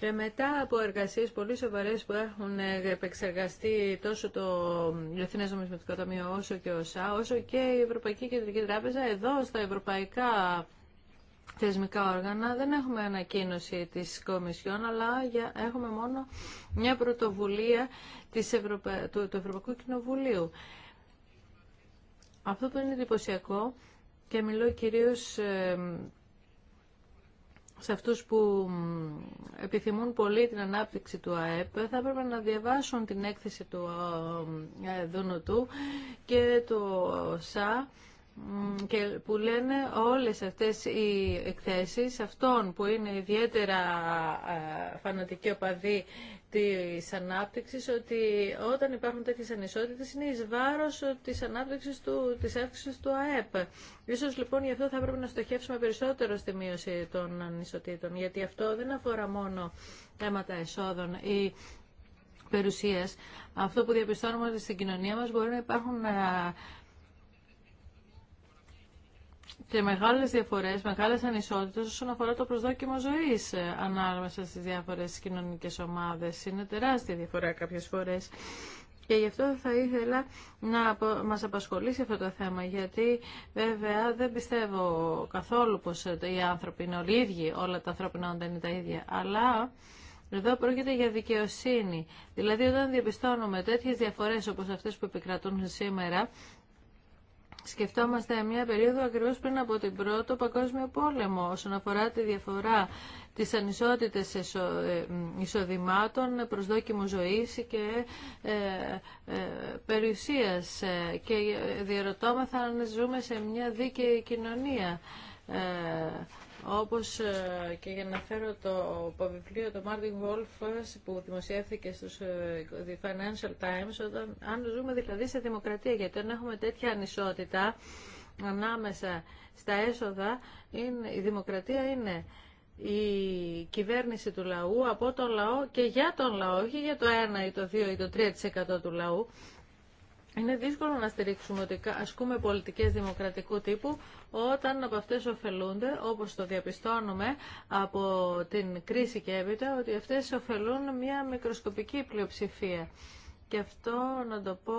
και μετά από εργασίες πολύ σοβαρές που έχουν επεξεργαστεί τόσο το Διεθνές Νομισματικό Ταμείο όσο και ο ΣΑ, όσο και η Ευρωπαϊκή Κεντρική Τράπεζα, εδώ στα ευρωπαϊκά θεσμικά όργανα δεν έχουμε ανακοίνωση της Κομισιόν, αλλά για, έχουμε μόνο μια πρωτοβουλία της του, του Ευρωπαϊκού Κοινοβουλίου. Αυτό που είναι εντυπωσιακό και μιλώ κυρίως ε, σε αυτούς που επιθυμούν πολύ την ανάπτυξη του ΑΕΠ θα έπρεπε να διαβάσουν την έκθεση του ε, του και του ΣΑ και που λένε όλες αυτές οι εκθέσεις αυτών που είναι ιδιαίτερα ε, φανατικοί οπαδοί της ανάπτυξης ότι όταν υπάρχουν τέτοιες ανισότητες είναι εις βάρος της ανάπτυξης του, της αύξησης του ΑΕΠ. Ίσως λοιπόν γι' αυτό θα πρέπει να στοχεύσουμε περισσότερο στη μείωση των ανισοτήτων, γιατί αυτό δεν αφορά μόνο θέματα εσόδων ή περιουσίας. Αυτό που διαπιστώνουμε ότι στην κοινωνία μας μπορεί να υπάρχουν ε, και μεγάλε διαφορέ, μεγάλε ανισότητε, όσον αφορά το προσδόκιμο ζωή ε, ανάμεσα στι διάφορε κοινωνικέ ομάδε, Είναι τεράστια διαφορά κάποιε φορέ. Και γι' αυτό θα ήθελα να μας απασχολήσει αυτό το θέμα, γιατί βέβαια δεν πιστεύω καθόλου πως ε, οι άνθρωποι είναι όλοι ίδιοι, όλα τα ανθρώπινα όντα είναι τα ίδια, αλλά... Εδώ πρόκειται για δικαιοσύνη. Δηλαδή, όταν διαπιστώνουμε τέτοιες διαφορές όπως αυτές που επικρατούν σήμερα, Σκεφτόμαστε μια περίοδο ακριβώς πριν από την Πρώτο Παγκόσμιο Πόλεμο όσον αφορά τη διαφορά τις ανισότητες ε, εισοδημάτων, προσδόκιμου ζωής και ε, ε, ε και διαρωτώμεθα αν ζούμε σε μια δίκαιη κοινωνία. Όπως ε, και για να φέρω το βιβλίο του Μάρτιν Wolf ε, που δημοσιεύθηκε στους ε, The Financial Times, όταν, αν ζούμε δηλαδή σε δημοκρατία, γιατί όταν έχουμε τέτοια ανισότητα ανάμεσα στα έσοδα, είναι, η δημοκρατία είναι η κυβέρνηση του λαού από τον λαό και για τον λαό, όχι για το 1 ή το 2 ή το 3% του λαού. Είναι δύσκολο να στηρίξουμε ότι ασκούμε πολιτικές δημοκρατικού τύπου όταν από αυτές ωφελούνται, όπως το διαπιστώνουμε από την κρίση και έπειτα, ότι αυτές ωφελούν μια μικροσκοπική πλειοψηφία. Και αυτό να το πω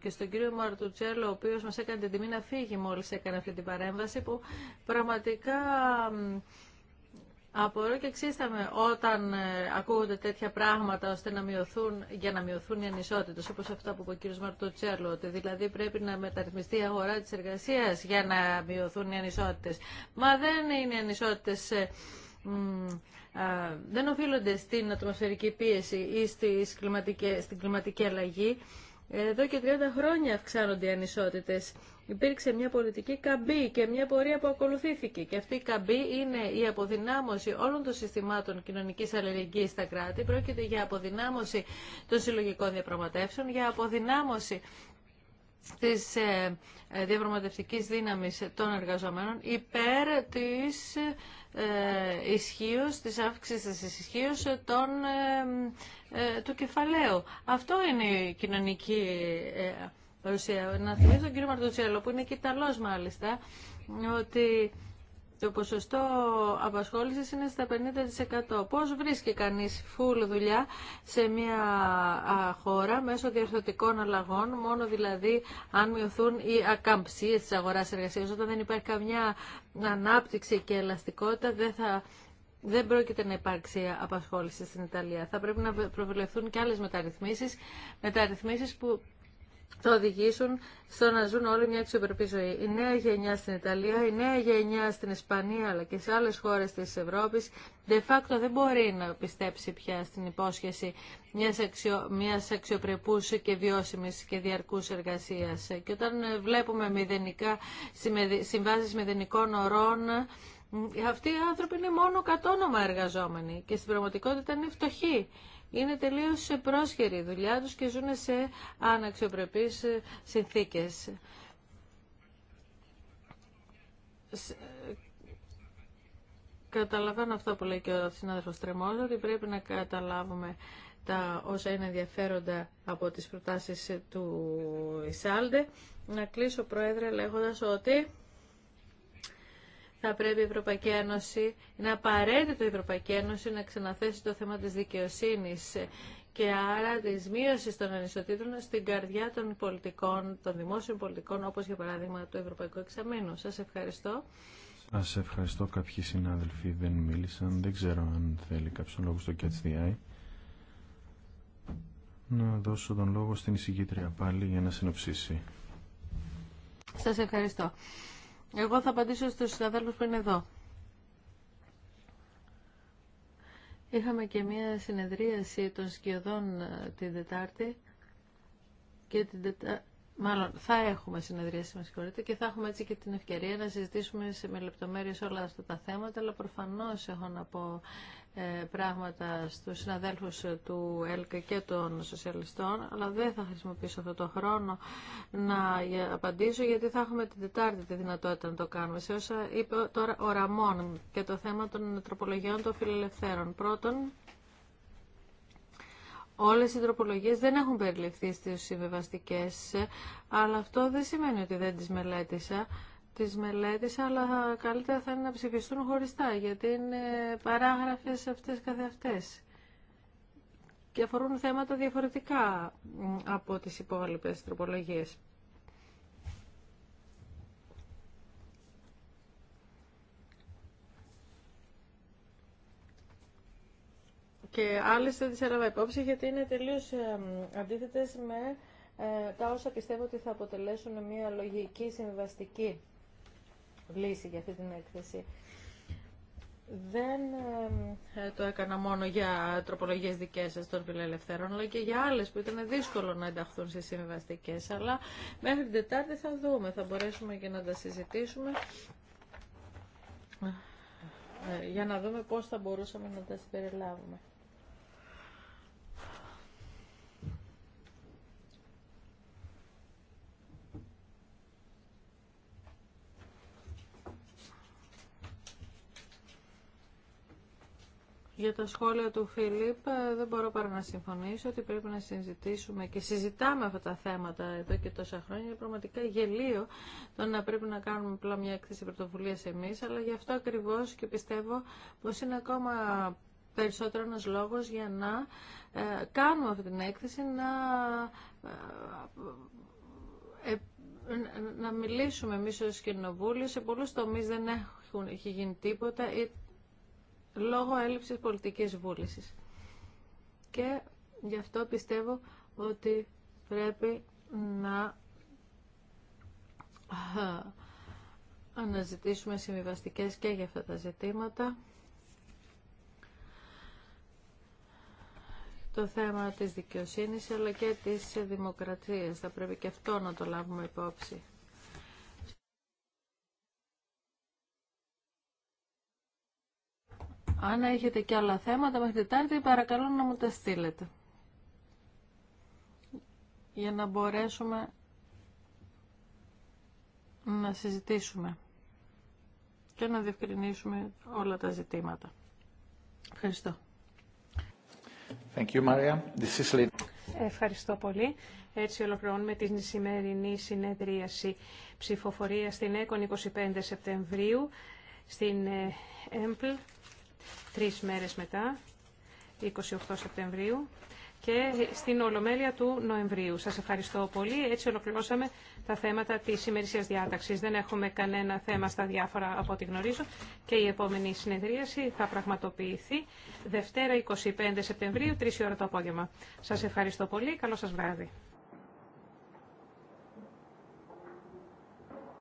και στον κύριο Μαρτουτσέλο, ο οποίος μας έκανε την τιμή να φύγει μόλις έκανε αυτή την παρέμβαση, που πραγματικά Απορώ και εξίσταμε όταν ε, ακούγονται τέτοια πράγματα ώστε να μειωθούν, για να μειωθούν οι ανισότητες, όπως αυτά που είπε ο κ. Μαρτοτσέλο, ότι δηλαδή πρέπει να μεταρρυθμιστεί η αγορά της εργασίας για να μειωθούν οι ανισότητες. Μα δεν είναι οι ανισότητες ε, δεν οφείλονται στην ατμοσφαιρική πίεση ή στην κλιματική αλλαγή. Εδώ και 30 χρόνια αυξάνονται οι ανισότητες. Υπήρξε μια πολιτική καμπή και μια πορεία που ακολουθήθηκε. Και αυτή η καμπή είναι η αποδυνάμωση όλων των συστημάτων κοινωνική αλληλεγγύη στα κράτη. Πρόκειται για αποδυνάμωση των συλλογικών διαπραγματεύσεων, για αποδυνάμωση της ε, ε, διαπραγματευτικής δύναμης των εργαζομένων υπέρ της ε, ισχύω, της αύξησης της ισχύω ε, ε, του κεφαλαίου. Αυτό είναι η κοινωνική ε, παρουσία. Να θυμίσω τον κύριο Μαρτουτσέλο που είναι και Ιταλός μάλιστα ότι το ποσοστό απασχόληση είναι στα 50%. Πώς βρίσκει κανείς φουλ δουλειά σε μια χώρα μέσω διορθωτικών αλλαγών, μόνο δηλαδή αν μειωθούν οι ακαμψίες της αγοράς εργασίας. Όταν δεν υπάρχει καμιά ανάπτυξη και ελαστικότητα, δεν θα δεν πρόκειται να υπάρξει απασχόληση στην Ιταλία. Θα πρέπει να προβλεφθούν και άλλες μεταρρυθμίσεις, μεταρρυθμίσεις που θα οδηγήσουν στο να ζουν όλοι μια αξιοπρεπή ζωή. Η νέα γενιά στην Ιταλία, η νέα γενιά στην Ισπανία αλλά και σε άλλες χώρες της Ευρώπης de facto δεν μπορεί να πιστέψει πια στην υπόσχεση μιας, αξιο... μιας αξιοπρεπούς και βιώσιμης και διαρκούς εργασίας. Και όταν βλέπουμε μηδενικά συμβάσεις μηδενικών ορών αυτοί οι άνθρωποι είναι μόνο κατόνομα εργαζόμενοι και στην πραγματικότητα είναι φτωχοί είναι τελείως πρόσχερη η δουλειά τους και ζουν σε αναξιοπρεπείς συνθήκες. Καταλαβαίνω αυτό που λέει και ο συνάδελφος Τρεμόζα, ότι πρέπει να καταλάβουμε τα όσα είναι ενδιαφέροντα από τις προτάσεις του Ισάλντε. Να κλείσω, Πρόεδρε, λέγοντας ότι θα πρέπει η Ευρωπαϊκή Ένωση, είναι απαραίτητο η Ευρωπαϊκή Ένωση να ξαναθέσει το θέμα της δικαιοσύνης και άρα της μείωση των ανισοτήτων στην καρδιά των πολιτικών, των δημόσιων πολιτικών, όπως για παράδειγμα το Ευρωπαϊκό Εξαμήνου. Σας ευχαριστώ. Σας ευχαριστώ. Κάποιοι συνάδελφοι δεν μίλησαν. Δεν ξέρω αν θέλει κάποιον λόγο στο Catch Να δώσω τον λόγο στην εισηγήτρια πάλι για να συνοψίσει. Σας ευχαριστώ. Εγώ θα απαντήσω στους συναδέλφους που είναι εδώ. Είχαμε και μία συνεδρίαση των σκιωδών ε, την Δετάρτη. και την, τετά... Μάλλον θα έχουμε συνεδρίαση, με συγχωρείτε, και θα έχουμε έτσι και την ευκαιρία να συζητήσουμε σε με λεπτομέρειε όλα αυτά τα θέματα, αλλά προφανώ έχω να πω ε, πράγματα στου συναδέλφου του ΕΛΚΑ και των Σοσιαλιστών, αλλά δεν θα χρησιμοποιήσω αυτό το χρόνο να απαντήσω, γιατί θα έχουμε την Τετάρτη τη δυνατότητα να το κάνουμε. Σε όσα είπε τώρα ο Ραμών και το θέμα των τροπολογιών των φιλελευθέρων. Πρώτον, Όλες οι τροπολογίες δεν έχουν περιληφθεί στις συμβεβαστικέ, αλλά αυτό δεν σημαίνει ότι δεν τις μελέτησα. Τις μελέτησα, αλλά καλύτερα θα είναι να ψηφιστούν χωριστά, γιατί είναι παράγραφες αυτές καθεαυτές και αφορούν θέματα διαφορετικά από τις υπόλοιπες τροπολογίες. και άλλες δεν τις έλαβα υπόψη γιατί είναι τελείως ε, αντίθετες με ε, τα όσα πιστεύω ότι θα αποτελέσουν μια λογική συμβαστική λύση για αυτή την έκθεση. Δεν ε, το έκανα μόνο για τροπολογίες δικές σας των φιλελευθέρων, αλλά και για άλλες που ήταν δύσκολο να ενταχθούν σε συμβαστικές. Αλλά μέχρι την Τετάρτη θα δούμε, θα μπορέσουμε και να τα συζητήσουμε ε, για να δούμε πώς θα μπορούσαμε να τα συμπεριλάβουμε. Για τα σχόλια του Φιλίπ ε, δεν μπορώ παρά να συμφωνήσω ότι πρέπει να συζητήσουμε και συζητάμε αυτά τα θέματα εδώ και τόσα χρόνια. Είναι πραγματικά γελίο το να πρέπει να κάνουμε απλά μια έκθεση πρωτοβουλία εμεί, αλλά γι' αυτό ακριβώ και πιστεύω πω είναι ακόμα περισσότερο ένας λόγος για να ε, κάνουμε αυτή την έκθεση, να, ε, να μιλήσουμε εμεί ω κοινοβούλιο. Σε πολλού τομεί δεν έχουν, έχει γίνει τίποτα λόγω έλλειψης πολιτικής βούλησης. Και γι' αυτό πιστεύω ότι πρέπει να ε, αναζητήσουμε συμβιβαστικέ και για αυτά τα ζητήματα. Το θέμα της δικαιοσύνης αλλά και της δημοκρατίας θα πρέπει και αυτό να το λάβουμε υπόψη. Αν έχετε και άλλα θέματα μέχρι Τετάρτη, παρακαλώ να μου τα στείλετε. Για να μπορέσουμε να συζητήσουμε και να διευκρινίσουμε όλα τα ζητήματα. Ευχαριστώ. Thank you, Maria. This is... Ευχαριστώ πολύ. Έτσι ολοκληρώνουμε την σημερινή συνεδρίαση ψηφοφορία στην ΕΚΟΝ 25 Σεπτεμβρίου, στην ΕΜΠΛ τρεις μέρες μετά, 28 Σεπτεμβρίου, και στην Ολομέλεια του Νοεμβρίου. Σας ευχαριστώ πολύ. Έτσι ολοκληρώσαμε τα θέματα της ημερησίας διάταξης. Δεν έχουμε κανένα θέμα στα διάφορα από ό,τι γνωρίζω και η επόμενη συνεδρίαση θα πραγματοποιηθεί Δευτέρα 25 Σεπτεμβρίου, 3 ώρα το απόγευμα. Σας ευχαριστώ πολύ. Καλό σας βράδυ.